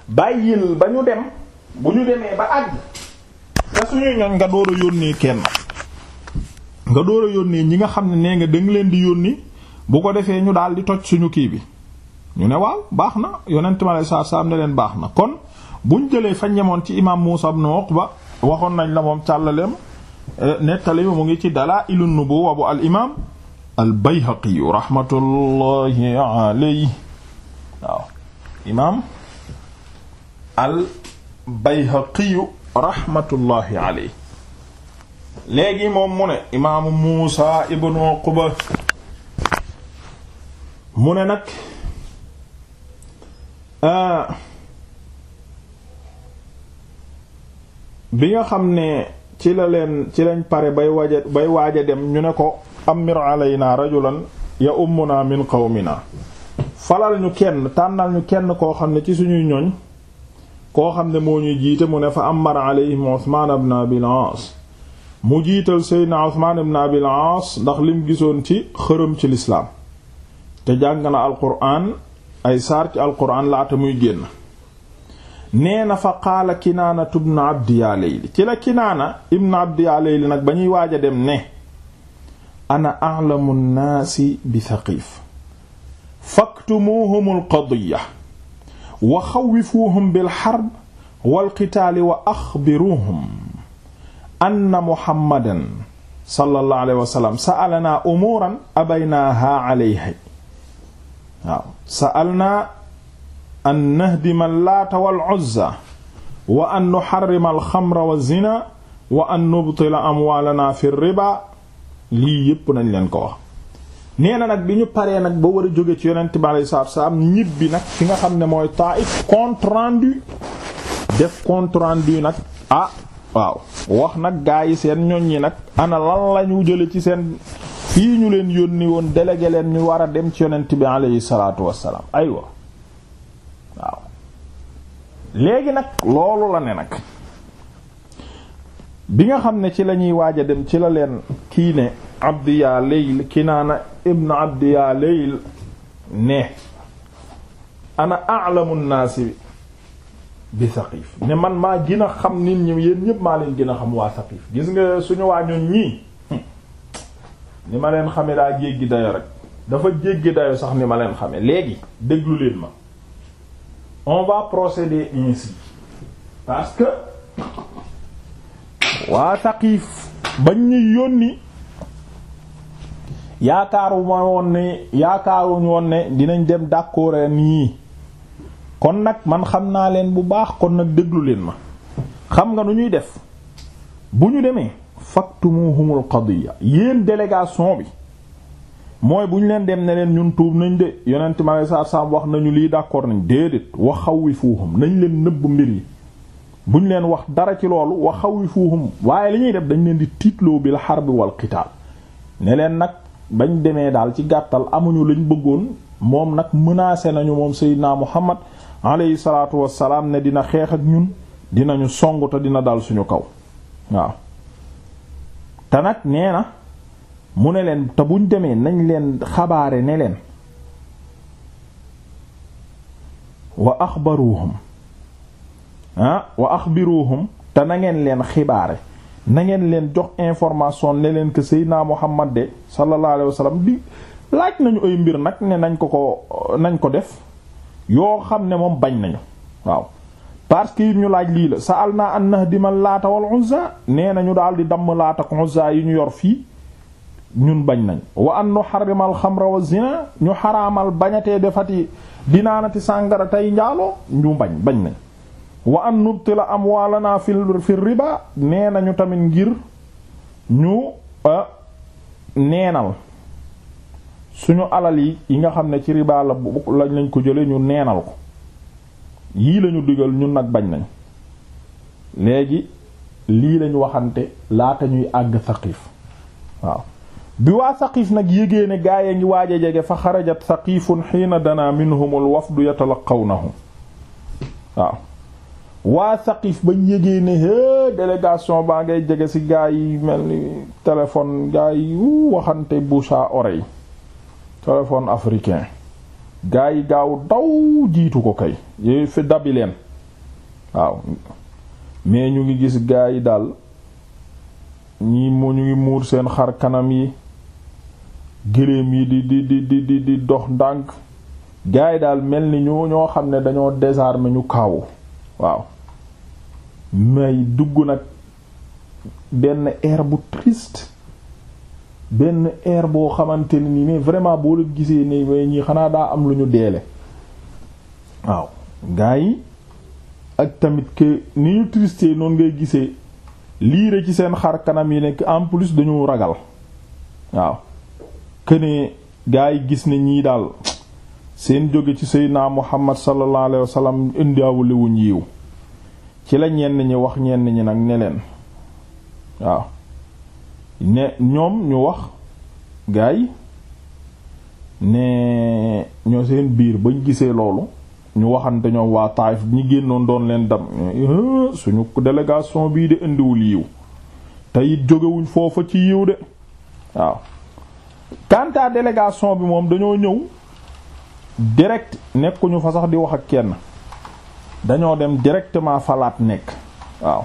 A: bàyyil ba ñu dem bu ñu demee ba àgg te suñuy ñoñ nga door a kenn nga door a ñi nga xam ne nee nga danga leen di yónni bu ko defee ñu daal di toj suñu kii bi ñu ne waaw baax na yonent ma lay saa ne leen baax na kon buñ jëlee fa ñemoon ci imaam Muusaa ibn Uqba waxoon nañ la moom càllaleem eh, nettali mu ngi ci Dalaa'ilun Nubuwwa bu al imaam al Bayhaqi rahmatullahi alayhi waaw imaam al Bayhaqiyu raxmatullahi léegi moom mu ne imaamu Muusa ibnu Uqba mu ne nag ah, bi nga xam ne ci la leen ci lañ pare bay waaja bay waaja dem ñu ne ko amir alayna rajulan ya ummuna min qawmina falal ñu kenn tànnal ñu kenn koo xam ne ci suñuy ñoñ koo xam ne moo ñuy jiite mu ne fa amar alayhim Usmaan ibn Abil Aas mu jiital Seydina Usmaan ibn Abil Aas ndax lim gisoon ci xërëm ci lislaam te jàng na alquraan ay saar ci alquraan laata muy génn nee na fa qaala Kinaana ibn Abdi yaa Layli ci Kinaana ibn Abdi yaa Layli nag ba ñuy waaj a dem ne ana a'lamu nnaasi bi Saqiif faktumuhumul qadiyya wa xawwifuuhum bil xarb wal qitaali wa axbiruuhum anna muhammadan sallallahu alayhi wa sallam sa'alanaa umuuran abaynaahaa alayhi waaw sa'alnaa an nahdima laata wal uzza wa an nuxarrima alxamra wa zina wa an nubtila amwaalanaa fi riba lii yépp nañ leen ko wax nee na nag bi ñu paree nag ba war a jóge ci yonent bi alayhi salaatu salaam ñibbi nag fi nga xam ne mooy Taif compte rendu def compte rendu nag ah waaw wax nag gaa yi seen ñoñ ñi nag ana lan la ñu jële ci seen fii ñu leen yónni woon délégué leen ñu war a dem ci yonent bi alayhi salaatu wassalaam aywa waaw léegi nag loolu la ne nag bi nga xam ne ci la ñuy waaj a dem ci la leen kii ne Abdiya naa na ibn abdi yaa leyl ne ana a'lamu nnaasi bi Saqif ne man maa gën a xam nit ñi yéen ñépp maa leen gin a xam waa Saqif gis nga suñu waa ñun ñii ni ma leen xame daa jéggi dayo rek dafa jéggi dayo sax ni ma leen xame léegi déglu leen ma on va procéder ainsi parce que waa ñuy yónni yaakaaru ma woon ne yaakaaruñ woon ne dinañ dem d'accord nii kon nag man xam naa leen bu baax kon nag déglu leen ma xam nga nu ñuy def bu ñu demee faktumuhumul qadiya yéen délégation bi mooy bu ñu leen dem ne leen ñun tuub nañ de yonent ma lay saab wax nañu lii d'accord nañ déedéet wa xawwifuhum nañ leen nëbb mbir yi bu ñu leen wax dara ci loolu wa xawwifuhum waaye li ñuy def dañu leen di tiitloo bil harbi wal qitaal ne leen nag bañ demee daal ci gàttal amuñu lañ bëggoon moom nag mënaase nañu moom seydinaa muhammad alayhi salaatu wassalaam ne dina xeex ak ñun dinañu songu te dina dal suñu kaw waaw te nag nee na mu ne leen te buñ demee nañ leen xabaare ne leen wa axbaruhum ah wa te na ngeen leen xibaare na ngeen leen jox information ne leen que Seydina Muhammad de sallallahu alayhi wa sallam bi laaj nañu ay mbir nag ne nañ ko ko nañ ko def yoo xam ne moom bañ nañu waaw parce que ñu laaj lii la sa al naa an nahdima laata wal uzza nee nañu daal di damm laata ak uzza yi ñu yor fii ñun bañ nañ wa an nu xarimal xamra wa zina ñu xaraamal bañatee defati dinaanati sàngara tey njaaloo ñu bañ bañ nañ wa am nubtila amwaalanaa fi fi riba nee nañu tamit ngir ñu euh, neenal suñu alal yi yi nga xam ne ci riba la lañ lañ ko jële ñu neenal ko yii lañu digal ñun nag bañ nañ léegi lii lañ waxante laata ñuy àgg saqiif waaw bi waa saqiif nag yégée ne gaay a ngi waaj a jege fa xarajat saqiifun xiina dana minhum al wafdu yatalaqawnahu waaw waa Saqif bañ yégee ne hé délégation baa ngay jege ci gaa yi mel ni téléphone gaa yi waxante bouche à oreille téléphone africain gaa yi gaaw daw jiitu ko kay yooyu fi dabi leen waaw mais ñu ngi gis gaa yi daal ñi mu ñu ngi muur seen xar kanam yi gëléem yi di di di di di dox ndànk gaa yi daal mel ni ñu ñoo xam ne dañoo désarmer ñu kaawu waaw may dugg nag benn air bu triste benn air boo xamante ne nii mais vraiment boo leen gisee ne way ñii xanaa daa am lu ñu deele waaw gaa yi ak tamit que ni ñu triste noonu ngay gisee liire ci seen xar kanam yi nekk en plus dañu ragal waaw que ne gaa yi gis ni ñii daal seen jóge ci Seydina Muhammad sallallahu alayhi wa sallam indiawulewuñ yiw ci la ñenn ñi wax ñenn ñi nag ne leen waaw ne ñoom ñu wax gaay ne ñoo seen biir bañ gisee loolu ñu waxante ñoom waa Taayif ñi génnoon doon leen dam eh, suñu délégation bii di indiwul yiw te jógewuñ foofa ci yiw de waaw quant à bi moom dañoo ñëw direct nekkuñu fa sax di wax ak kenn dañoo dem directement falaat nekk waaw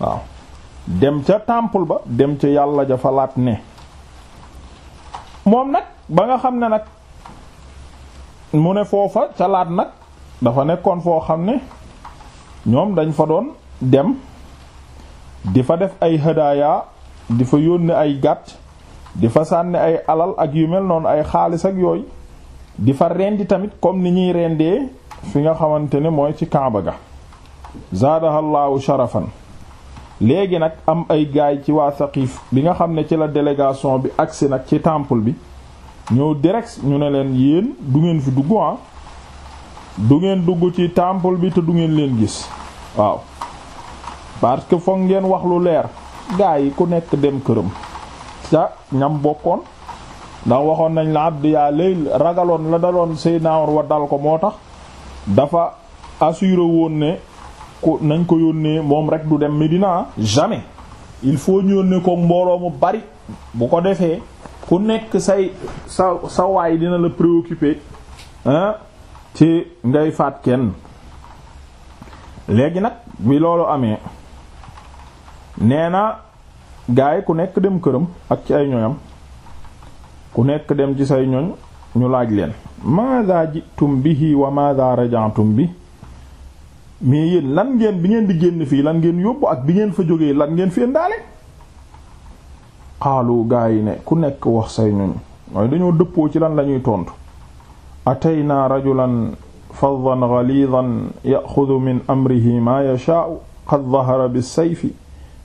A: waaw dem ca temple ba dem ca yàlla ja falaat ne moom nag ba nga xam ne nag mu ne foofa ca laat nag dafa nekkoon foo xam ne ñoom dañ fa doon dem di fa def ay hadaaya di fa yónni ay gàtt di fa sànni ay alal ak yu mel noonu ay xaalis ak yooyu di fa rendi tamit comme ni ñuy rendee fi nga xamante ne mooy ci kaaba ga zaadahallaahu sharafan léegi nag am ay gaay ci waa Saqiif bi nga xam ne ci la délégation bi agsi nag ci temple bi ñëw direct ñu ne leen yéen du ngeen fi dugg ah du ngeen dugg ci temple bi te du ngeen leen gis waaw parce que foog ngeen wax lu leer gaay yi ku nekk dem këram ca ñam bokkoon ndax waxoon nañ la abd yaa lay ragaloon la daloon Seydina Umar wa dal ko moo tax dafa assuré woon ne ku nañ ko yónnee moom rek du dem Medina jamais il faut ñu yónnee ko mbooloo mu bari bu ko defee ku nekk say sa sa waay dina la préoccuper ah ci ngay faat kenn léegi nag bi loolu amee nee na gaay ku nekk dem këram ak ci ay ñoñam ku nekk dem ci say ñoñ ñu laaj leen maada jitum bihi wa maada rajatum bi mais yéen lan ngeen bi ngeen di génn fii lan ngeen yóbbu ak bi ngeen fa jogee lan ngeen fi indaale xaalu gaa yi ne ku nekk wax say ñuñ mooy dañoo dëppoo ci lan la lañuy tontu ataynaa rajulan faddan ghalidan yaxudu min amrihi maa yashaa'u qad dahara bisayfi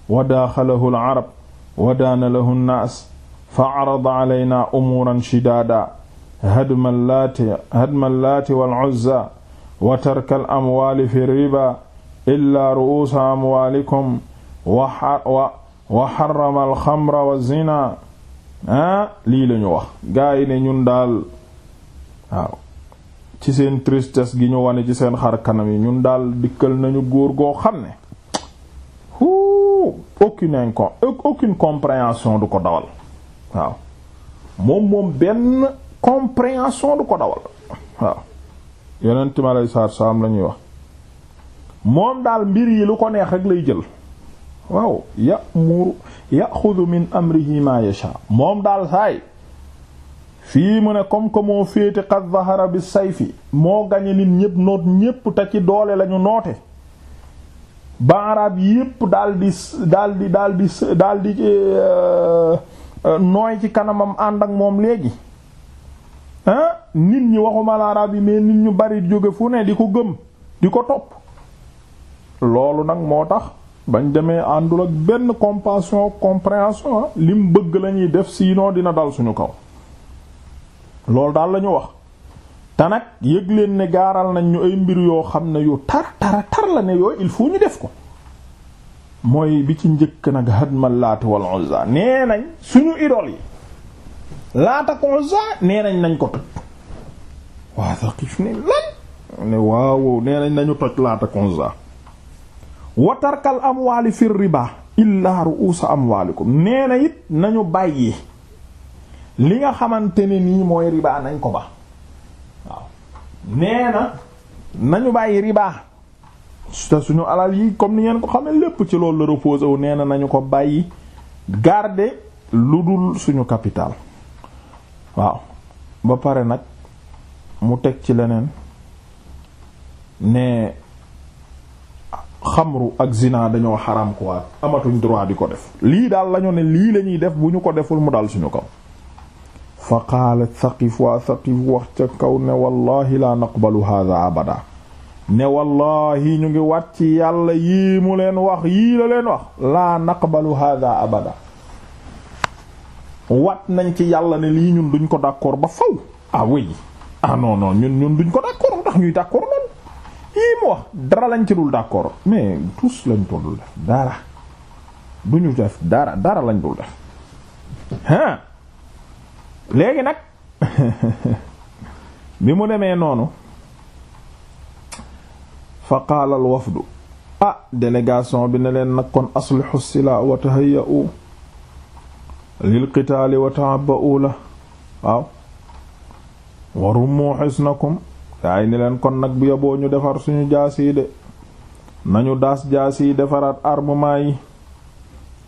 A: wa daaxalahu al arab wa daana lahu an fa arada alaynaa umuuran shidaada hadma llaati hadma llaati wal uzza wa tarka al amwaali fi riba illaa ru'uusa amwaalikum wa wa xarama alxamra wa zina ah lii lañu wax gaa yi ne ñun daal waaw ci seen tristesse gi ñu wane ci seen xar kanam yi ñun daal dikkal nañu góor goo xam ne hu aucune aucune compréhension du ko dawal waaw moom moom benn compréhension du ko dawal waaw yeneen time saam lañuy wax moom daal mbir yi lu ko neex rek lay jël waaw ya'muru ya'khudhu min amrihi ma yasha moom daal saay fii mu ne comme que moo féete qad zahara bi sayfi moo gañe nit ñépp noot ñépp te ci doole lañu noote ba arab yépp daal di daal di daal di daal di euh, euh, nooy ci kanamam ànd ak moom léegi nit ñi waxuma la arab yi mais nit ñu bari jóge fu ne di ko gëm di ko topp loolu nag moo tax bañ demee àndul ak benn compassion compréhension lim bëgg lañuy def sinon dina dal suñu kaw loolu daal lañu wax te nag yëg leen ne gaaral nañ ñu ay mbir yoo xam ne yu tar tara tar la ne yooyu il faut ñu def ko mooy bi ci njëkk nag hadma laat wal nee nañ suñu idol yi laata konsa nee nañ nañ ko toj waa Saqif ne lan ne waaw nee nañ nañu toj laata konsa wa tarkal amwaali fir riba illa ru'usa amwaalikum nee na it nañu bàyyi li nga xamante ne nii mooy riba nañ ko ba waaw nee na nañu bàyyi riba te suñu alal yi comme ni ngeen ko xamee lépp ci loolu la wu nee na nañu ko bàyyi garde lu dul suñu capital waaw ba pare nag mu teg ci leneen ne xamru ak zina dañoo xaram ko waat amatuñ droit di ko def lii daal lañu ne lii lañuy def bu ñu ko deful mu dal suñu kaw fa qaala thaqif waa thaqif wax ca kaw ne wallahi la naqbalu hadha abada ne wallahi ñu ngi wat ci yàlla yii mu leen wax yii la leen wax laa naqbalu hadha abada wat nañ ci yàlla ne lii ñun duñ ko d'accord ba faw ah oui ah ñun ñun duñ ko d'accord tax ñuy d'accord noonu yii mu wax dara lañ ci dul d'accord mais tous lañ ko dul def dara duñu def dara dara lañ dul def léegi nag bi mu demee noonu fa qaala al wafdu ah bi ne leen nag kon aslihu sila wa lil qitaali wa ta'abba'u la waaw warummu hisnakum gaa yi ni leen kon nag bu yoboo ñu defar suñu jaas yi de nañu daas jaas yi defaraat armement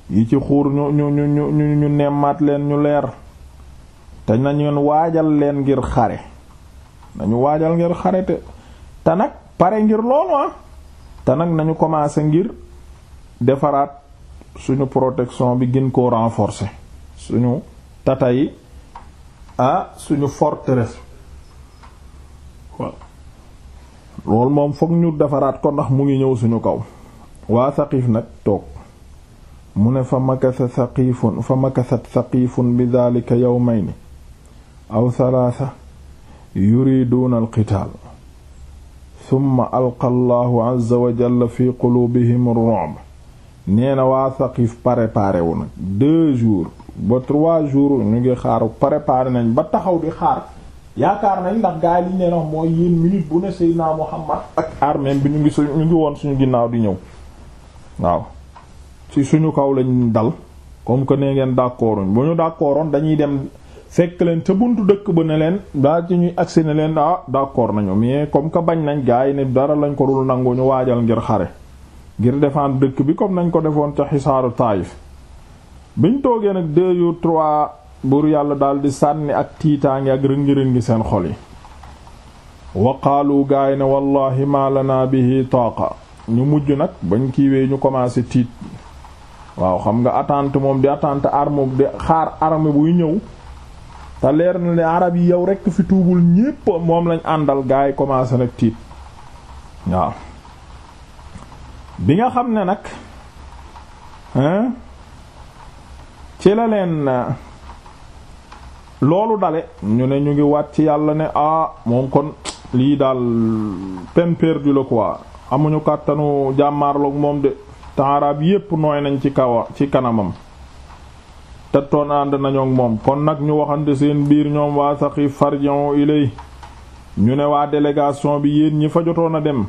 A: yi ci xuur ñu ñu ñu ñu leen ñu leer te nañu waajal leen ngir xare nañu waajal ngir xare te te nag pare ngir loolu ah te nag nañu commencé ngir defaraat suñu protection bi gën koo renforcer suñu tata yi suñu forteresse waaw loolu moom fokk ñu defaraat ko ndax mu ngi ñëw suñu kaw waa Saqiif nag toog mu ne fa makasa saqiifun fa makasat saqiifun bi daalika yawmayni aw salaasa yuriduuna alqitaal summa alqa allahu azza wa jalla fi quluubihim ar nee na waa Saqiif pare nag ba trois jours ñu ngi xaaru préparé nañ ba taxaw di xaar yaakaar nañ ndax gaa yi liñ leen wax mooy yéen minute bu ne Seydina Muhammad ak armée bi ñu ngi suñu ñu ngi woon suñu ginnaaw di ñëw waaw ci suñu kaw lañ dal comme que ne ngeen d'accorduñ bu ñu d'accordoon dañuy dem fekk leen te buntu dëkk ba ne leen daa ci ñuy agsi ne leen ah d'accord nañu mais comme que bañ nañ gaa yi ne dara lañ ko dul nangu ñu waajal ngir xare ngir défendre dëkk bi comme nañ ko defoon ca xisaaru Taayif biñ toogee nag deux jours trois buur yàlla daldi sànni ak tiitaangi ak rëngi-rëngi seen xol yi wa qaalu gaay ne wallahi ma lana bihi taaqa ñu mujj nag bañ kiiwee ñu commencé tiit waaw xam nga attente moom di attente arme di xaar arme buy ñëw te leer na ne arab yi yow rekk fi tuubul ñépp moom lañ àndal gaay yi commencé nag tiit waaw bi nga xam ne nag hein ci la leen euh, loolu dale ñu ne ñu ngi waat ci yàlla ne ah moom kon lii daal peine perdue la quoi amuñu kàttanu jàmmaarloog moom de taaraab yépp nooy nañ ci kawa ci kanamam te toon ànd nañoo moom kon nag ñu waxante seen biir ñoom waa Saxiif farji'u ilay ñu ne waa délégation bi yéen ñi fa jotoon a dem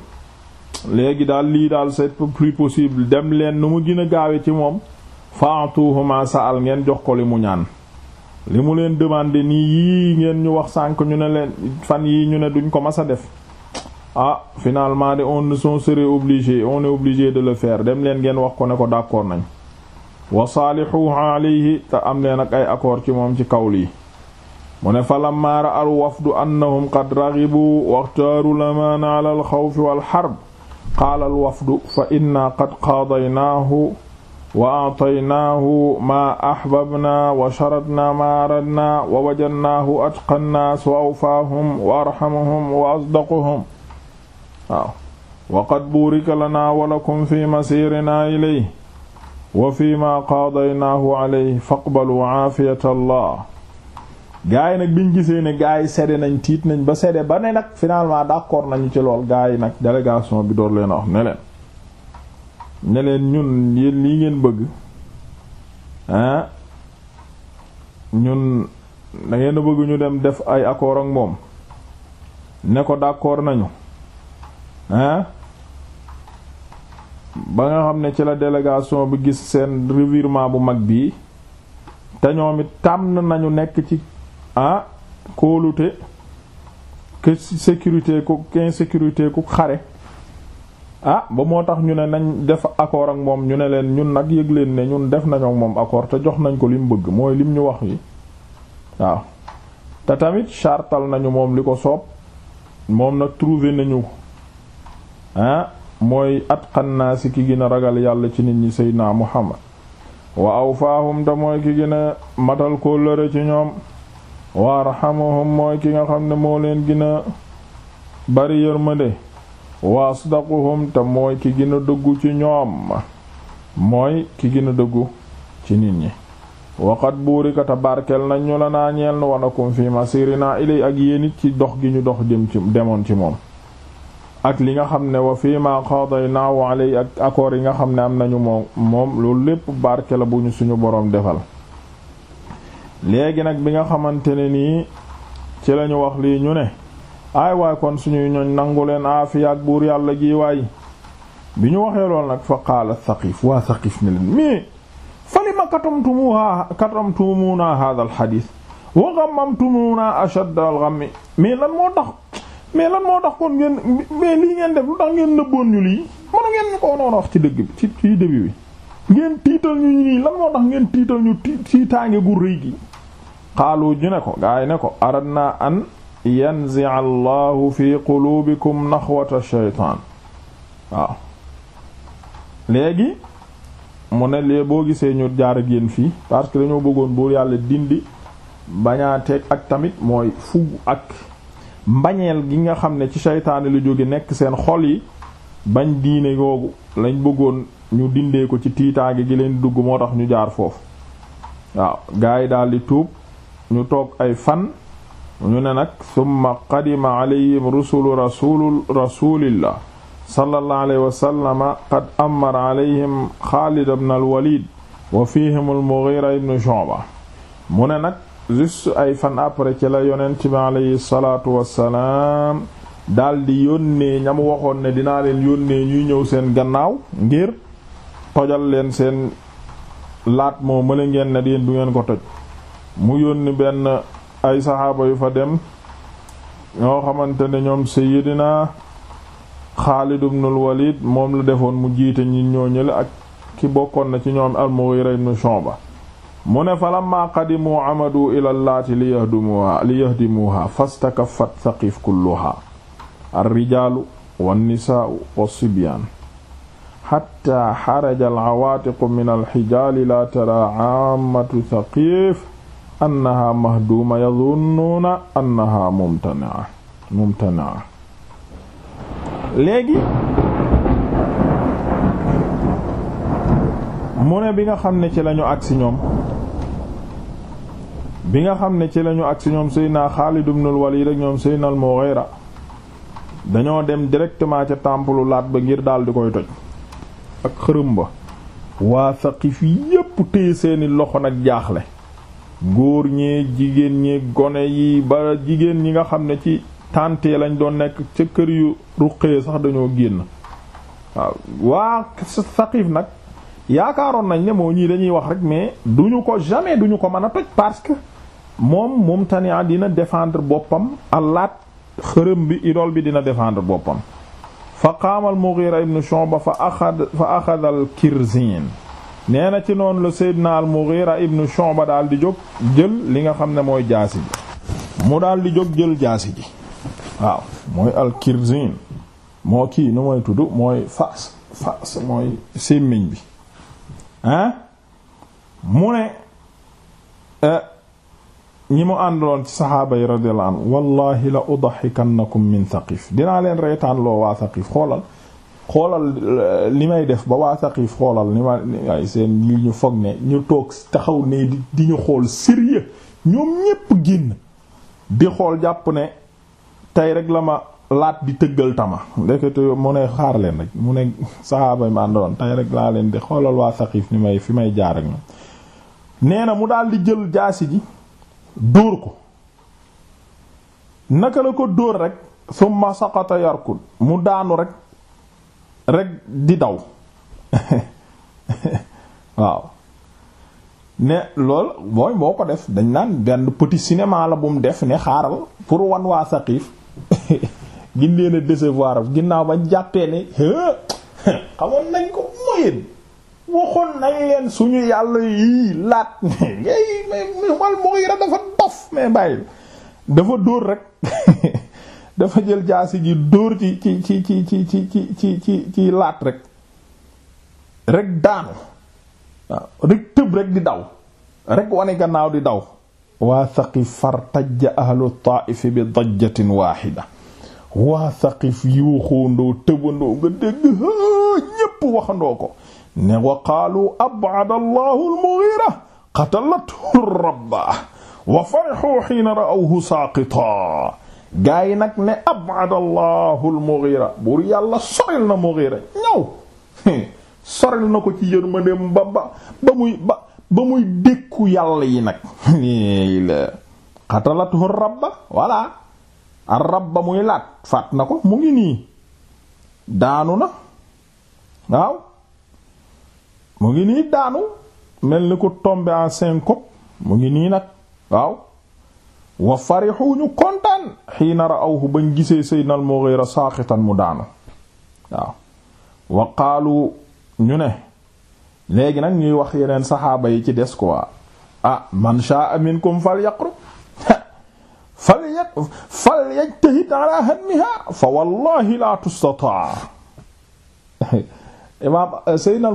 A: léegi daal lii daal c'est plus possible dem leen nu mu gën a gaawe ci moom faatuhu sa'al ngeen jox ko li mu ñaan li mu leen demandé nii yii ngeen ñu wax sànk ñu ne leen fan yii ñu ne duñ ko mas a def ah finalement de on son serait obligé on est obligé de le faire dem leen ngeen wax ko ne ko d'accord nañ wa saalihu alayhi te am leen ak ay accord ci moom ci kaw yi mu ne fa lamma ra'a al wafdu annahum qad raghibu waxtaaru lamaan ala al xawfi wal harb qaala al wafdu fa inna qad qaadaynaahu wa ataynaahu maa ahbabnaa wa sharadnaa maa aradnaa wa wajadnaahu atqa nnaas wa awfaahum wa arhamahum wa asdaquhum waaw wa qad buurika lanaa wa lakum fii masiirinaa ilayhi wa fii maa qaadaynaahu alayhi faqbaluu allah gaa yi nag biñ gisee ne gaa yi sede nañ tiit nañ ba sede ba ne nag finalement d'accord nañu ci lool gaa yi nag délégation bi door leen a wax ne leen ñun yéen lii ngeen bëgg ah ñun da ngeen a bëgg ñu dem def ay accord ak moom ne ko d'accord nañu ah ba nga xam ne ci la délégation bu gis seen revirement bu mag bii te ñoom it tàmm nañu nekk ci ah kóolute que sécurité ku sécurité ku xare ah ba moo tax ñu ne nañ def accord ak moom ñu ne leen ñun nag yëg leen ne ñun def nañu ak moom accord te jox nañ ko li bëgg mooy lim ñu wax yi waaw te tamit chartal nañu moom li ko soob moom nag trouver nañu ah mooy atqan naasi ki gën a ragal yàlla ci nit ñi seydinaa Muhammad wa awfaahum te mooy ki gën a matal kóllëre ci ñoom wa arhamuhum mooy ki nga xam ne moo leen gën a bari yërmande wa asdaquhum te mooy ki gën dugg ci ñoom mooy ki gën a dëggu ci nit ñi waqat buurika te barkel nañ ñu la naa ñeel nu wanakum fi masirina ilay ak yéen it ci dox gi ñu dox jëm ci demoon ci moom ak li nga xam ne wa fii ma qadaynaahu alay ak accords yi nga xam ne am nañu moom moom lépp barke bu suñu boroom defal léegi nag bi nga xamante ne nii ci lañu wax lii ñu ne aay waay kon suñuy ñoñ nangu leen aafiya ak buur yàlla gi waay bi ñu waxee lool nag fa qaala Saqif waa Saqif ne leen mais fa lima katamtumuha katamtumuna hadha al hadith wa ghammamtumuna ashadda al ghammi mais lan moo tax mais lan moo tax kon ngeen mais lii ngeen def lu tax ngeen nëbboon ñu lii mënu ngeen ñu ko noonu wax ci dëgg bi ci ci début bi ngeen tiital ñu nii lan moo tax ngeen tiital ñu tiitaange gu rëy gi xaalu ñu ne ko gaay ne ko aradna yanzi allahu fi qulubikum naxwata shaytaan waaw léegi mu ne lee boo gisee ñu jaar a yéen fii parce que dañoo bëggoon buur yàlla dindi bañaateeg ak tamit mooy fugg ak mbañeel gi nga xam ne ci seytaane lu jóge nekk seen xol yi bañ diine googu lañ bëggoon ñu dindee ko ci tiitaange gi leen dugg moo tax ñu jaar foofu waaw gaa daldi tuub ñu toog ay fan ñu ne nag summa qadima alayhim rusulu rasulu rasulillah sallallahu alayhi wa qad amara alayhim xaalid ibn alwalid wa fihim almughira ibn shu'ba mu ne nag juste ay fan après ci la yonent bi alayhi salaatu wassalaam daldi yónnee ñam waxoon ne dinaa leen yónnee ñuy ñëw seen gannaaw ngir tojal leen seen laat moo mëla ngeen ne yéen du ngeen ko toj mu yónni benn ay saxaaba yu fa dem ñoo xamante ne ñoom Seydina Xaalid ibnul Walid moom la defoon mu jiite ñi ñoo ak ki bokkoon na ci ñoom al-Mughira ibn Shu'ba mu ne fa qadimu amadu ila laati li yahdimuha li thaqif kulluha ar-rijaalu wan-nisaa'u sibyaan hatta xaraja al min al la tara aamatu thaqif annaha mahduma yadunnuuna annaha mumtani'a mumtani'a léegi mu ne bi nga xam ne ci lañu agsi ñoom bi nga xam ne ci lañu agsi ñoom Seydina Xaalid ibnul Waliid ak ñoom Seydina al-Mughira dañoo dem directement ca temple Laat ba ngir daal di koy toj ak xërëm ba waa Saqif yépp téye seeni loxo nag jaaxle góor ñee jigéen ñi gone yi ba jigéen ñi nga xam ne ci tante lañ doon nekk ca kër yu ruqee sax dañoo génn waa Saqif nag yaakaaroon nañ ne moo ñii dañuy wax rek mais duñu ko jamais duñu ko mën a toj parce que moom moom à dina défendre boppam alaat xërëm bi idole bi dina défendre boppam fa qaama al Mughira ibn Shu'ba fa axad fa axada al nee ci noonu la Seydina al-Mughira ibn Shu'ba daal di jog jël li nga xam ne mooy jaasi ji mu daal di jog jël jaasi ji waaw mooy al-kirzin moo kii nu mooy tudd mooy faas faas mooy sémmiñ bi ah mu ne euh, ñi mu àndaloon ci saxaaba yi radiyallahu anhu la udahikannakum min thaqif dinaa leen reetaan loo waa thaqif xoolal xoolal eh, li may def ba waa Saqif xoolal ni ma ay seen ni ñu foog ne ñu toog taxaw nii di ñu xool sérieux ñoom ñépp génn di xool jàpp ne tey rek la ma laat di tëggal tama ndekete mu ne xaar leen rek mu ne saxaaba ma àndoon tey rek laa leen di xoolal waa Saqif ni may fi may jaar ak ñoom nee na mu daal di jël jaasi ji dóor ko naka la ko dóor rek summa saqata yarkud mu daanu rek rek di daw waaw ne loolu mooy boo ko def dañ naan benn petit cinéma la bu mu def ne xaaral pour wan waa Saqiif gin leen a décevoir ginnaaw ba jàppee ne xamoon nañ ko moyen waxoon nañ leen suñu yàlla yii laat ngay may wal moo yara dafa dof mais bàyyi dafa dóor rek dafa jël jaasi ji dóor ci ci ci ci ci ci ci ci ci ci laat rek rek daanu waaw rek tëb rek di daw rek wane gannaaw di daw waa saqif fartajja ahlu taaif bi dajjatin waaxida waa saqif yuuxóondoo tëbandoo nga dégg ñépp waxandoo ko ne wa qaalu ab'ada allahu al-mughira rabba wa farihuu hiina ra'awhu saaqita gaa yi nag ne abadallahu al-Mughira yàlla soril na Mughira ñaw soril na ko ci yërmandeem ba ba ba muy ba ba muy dékku yàlla yi nag la xatalatu rabba walla ar rabba muy laat faat na ko mu ngi nii daanu na waaw mu ngi nii daanu mel ni ko tombé en syncope mu ngi nii nag waaw wa farixu ñu kontaan xiina ra'awhu bañ gisee sayyidina al-Mughira mu daanu waaw wa qaalu ñu ne léegi nag ñuy wax yeneen saxaaba yi ci des quoi a ah, man sha'a minkum falyaqrub falyajtahid ala hadmiha fa wallahi la tustataa imaam sayyidina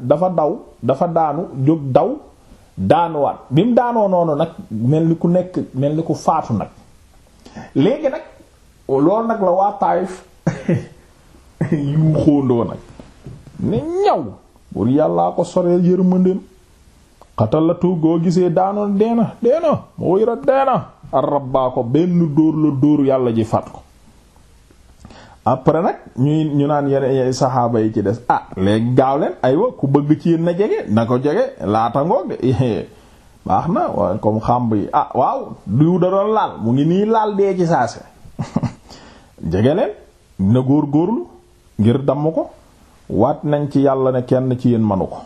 A: dafa daw dafa daanu jóg daw daanuwaat bi mu daanoo noonu nag mel ni ku nekk mel ni ku faatu nag léegi nag loolu nag la waa Taayif yu nag ne ñaw pour yàllaa ko soreel yërmandeem xatalatu goo gisee daanoon deena deena mu wéra deena ar rabbaa ko benn dóor la dóor yàlla ji faat ko après nag ñuy ñu naan yeneen saxaaba yi ci des ah léegi gaaw leen aywa ku bëgg ci yéen na jege na ko jege laata ngoog de baax na waaye comme xàmb yi ah waaw du da doon laal mu ngi nii laal dee ci saase jege leen na góor góorlu ngir damm ko waat nañ ci yàlla ne kenn ci yéen manu ko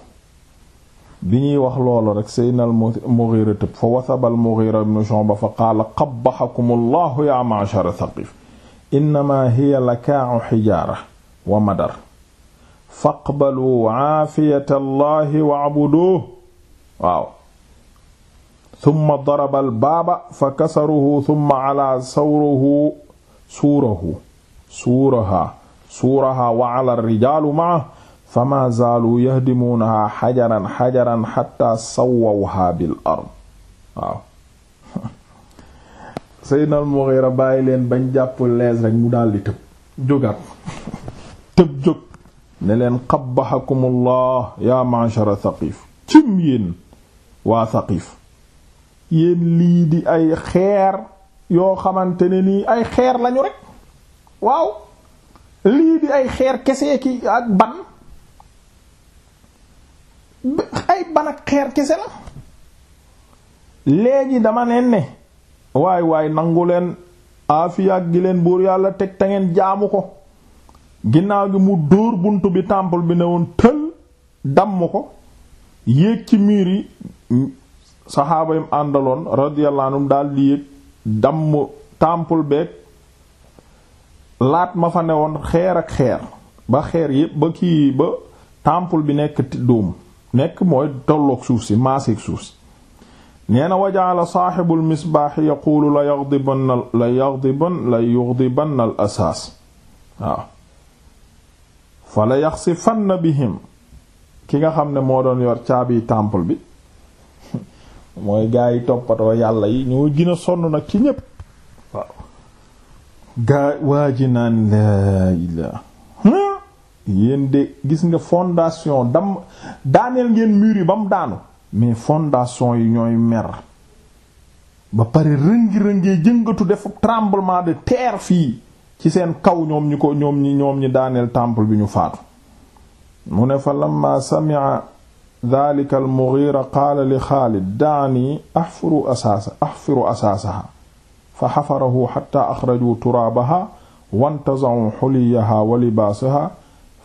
A: bi ñuy wax loolu rek seynal Mughira tëb fa wasabal Mughira ibn Shu'ba fa qaala qabbahakumullahu ya ma'shara Thaqif innama hiya lakaa'u xijaara wa madar faqbaluu aafiyata allahi wa'buduuhu waaw thumma daraba albaaba fa kasaruhu thumma ala sawruhu suurahu suurahaa suurahaa wa ala rijaalu ma'a famaa zaaluu yahdimuunahaa xajaran xajaran xataa sawwawhaa bil ard waaw Seydina Mughira bàyyi leen bañ jàpp lees rek mu daldi tëb jógaat tëb jóg ne leen qabbahakumullah yaa ma'shara Saqif cim yéen waa Saqif yéen lii di ay xeer yoo xamante ne nii ay xeer lañu rek waaw lii di ay xeer kese ki ak ban ay ban ak xeer kese la léegi dama leen ne waay waay nangu leen aafiyaak gi leen buur yàlla teg ta ngeen jaamu ko ginnaaw gi mu dóor bunt bi temple bi ne woon tël damm ko yéeg ci miir yi saxaaba yam àndaloon radiyallahu anhum di yéeg damm temple beeg laat ma fa ne woon xeer ak xeer ba xeer yépp ba kii ba temple bi nekk dóom nekk mooy tolloog suuf si maaseeg suuf si nee na wajaala saaxibul misbaaxi yaquulu la yaghdibanna la yaghdiban la yughdibanna al asaas waaw fa la yaxsifanna bihim ki nga xam ne moo doon yor caabi temple bi mooy gaa yi toppatoo yàlla yi ñoo gën sonn nag ci ñépp waaw gaa waa naan laa ilaa yéen de gis nga fondation dam daaneel ngeen mur yi ba mu daanu mais fondation yi ñooy mer ba pare rëngi-rëngee jëngatu def tremblement de terre fii ci seen kaw ñoom ñi ñoom ñi ñoom ñi daaneel temple bi ñu faatu mu ne fa lamma sami'a dhalika al-Mughira li Xaalid da'ni ahfiru asaasaha fa xafarahu xatta axrajuu turaabaha wantaza'u xuliyaha wa libaasaha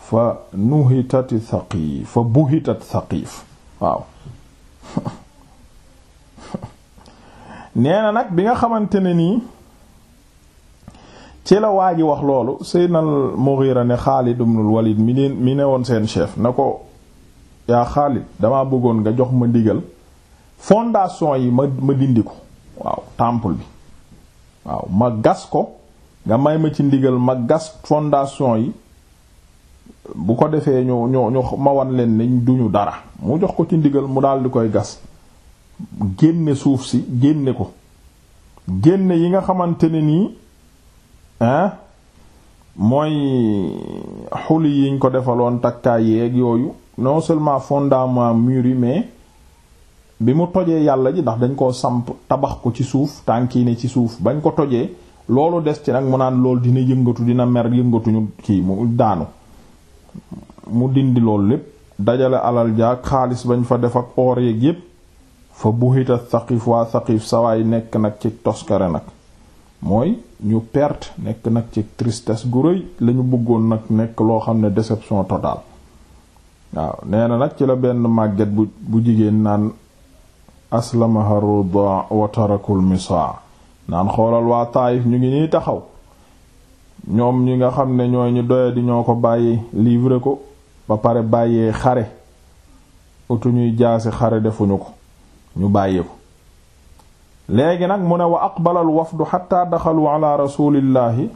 A: fa nuhitat thaqif fa buhitat thaqif nee nag bi nga xamante ne nii ci la waa ji wax loolu Seydina al-Mughira ne Xaalid ibnul Walid mi ne mi ne woon seen chef na ko yaa Xaalid damaa bëggoon nga jox ma ndigal fondation yi ma ma dindi ko waaw temple bi waaw ma gas ko nga may ma ci ndigal ma gas fondation yi bu ko defee ñu ñu ñu ma leen ne duñu dara mu jox ko ci ndigal mu daal di koy gas génne suuf si génne ko génne yi nga xamante ne nii hein mooy xuli yiñ ko defaloon takkaay yeeg yooyu non seulement fondament mur yi mais bi mu tojee yàlla ji ndax dañ koo samp tabax ko ci suuf tànki ne ci suuf bañ ko tojee loolu des ci nag mu naan loolu dina yëngatu dina mer yëngatuñu kii mu daanu mu dindi loolu lépp dajale alal jaag xaalis bañ fa def ak oor yeeg yépp fa buxita saqif waa saqif sawaay nekk nag ci toskare nag mooy ñu perte nekk nag ci tristesse gu rëy lañu bëggoon nag nekk loo xam ne déception totale waaw nee na nag ci la benn màgget bu bu jigéen naan aslamaha ruda wa tarakul naan xoolal waa taayif ñu ngi ñuy taxaw ñoom ñi nga xam ne ñooy ñu doya di ñoo ko bàyyi livrer ko ba pare bàyyee xare utu ñuy jaasi xare defuñu ko ñu bàyyi ko léegi nag mu ne wa aqbala al wafdu xatta daxalu ala rasulillahi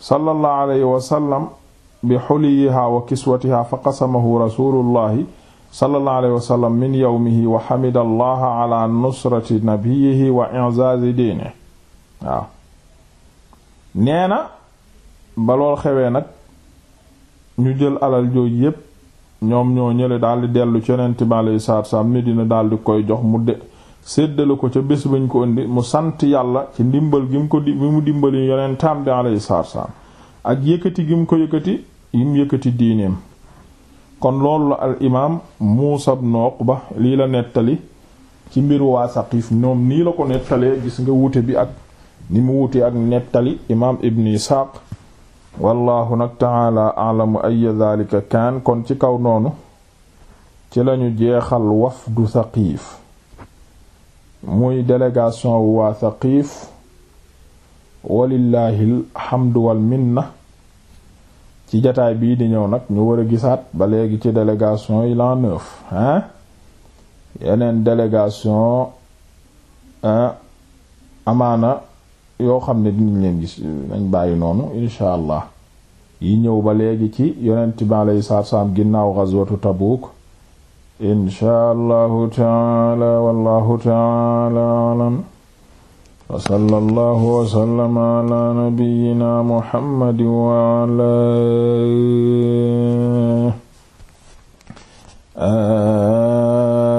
A: sallallahu alayhi bi xuliyiha wa kiswatiha fa qasamahu rasulullahi sallallahu alayhi wa sallam min yawmihi wa xamida ala nusrati nabiyihi wa i'zazi diinihi waaw nee ba lool xewee nag ñu jël alal jooju yépp ñoom ñoo ñële daldi dellu ci yonent bi alayhi salaatu wassalaam Medina daldi koy jox mu de séddale ko ca bés bañ ko indi mu sant yàlla ci ndimbal gi mu ko di bi mu dimbali yonentam bi alayhi salaatu ak yëkkati gi mu ko yëkkati yi mu yëkkati diineem kon loolu la al imaam Muusa ibn Uqba lii la nettali ci mbir waa Saqiif ñoom nii la ko nettalee gis nga wuute bi ak ni mu wuute ak nettali imaam Ibn Isaaq wallahu nag taala alamu ay dhalika kaan kon ci kaw noonu ci lañu jeexal wafdu Saqiif muy délégation wu waa Saqiif walillaahi alxamdu minna ci jataay bii di ñëw nag ñu war a gisaat ba léegi ci délégation yi l'an neuf hein yeneen délégation amaana yoo xam ne dinañ leen gis nañ bàyyi noonu incha allah yi ñëw ba léegi ci yonent bi alayhi salaatu salaam ginnaaw ghazwatu Tabuuk incha allahu taala wallahu taala alam wa sallallahu wa sallama ala nabiyyina muhammad wa ala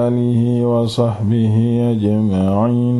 A: alihi wa sahbihi ajma'in